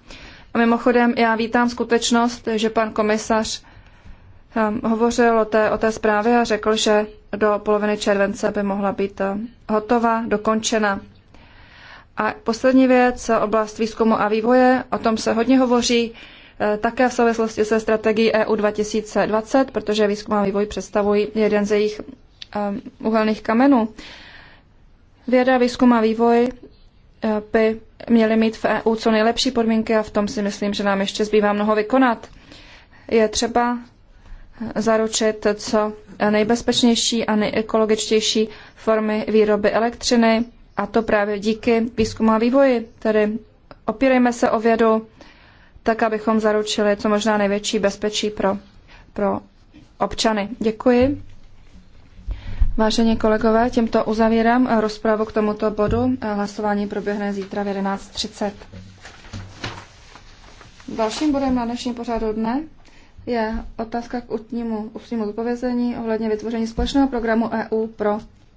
A mimochodem, já vítám skutečnost, že pan komisař ehm, hovořil o té, o té zprávě a řekl, že do poloviny července by mohla být eh, hotova, dokončena. A poslední věc, oblast výzkumu a vývoje, o tom se hodně hovoří. E, také v souvislosti se strategií EU 2020, protože výzkum a vývoj představují jeden ze jejich uhelných kamenů. Věda, výzkum a vývoj e, by měly mít v EU co nejlepší podmínky a v tom si myslím, že nám ještě zbývá mnoho vykonat. Je třeba e, zaručit co nejbezpečnější a nejekologičtější formy výroby elektřiny, a to právě díky výzkumu a vývoji. Tedy opírejme se o vědu, tak abychom zaručili co možná největší bezpečí pro, pro občany. Děkuji. Vážení kolegové, tímto uzavírám rozpravu k tomuto bodu. Hlasování proběhne zítra v 11.30. Dalším bodem na dnešní pořadu dne je otázka k ústnímu, ústnímu zodpovězení ohledně vytvoření společného programu EU pro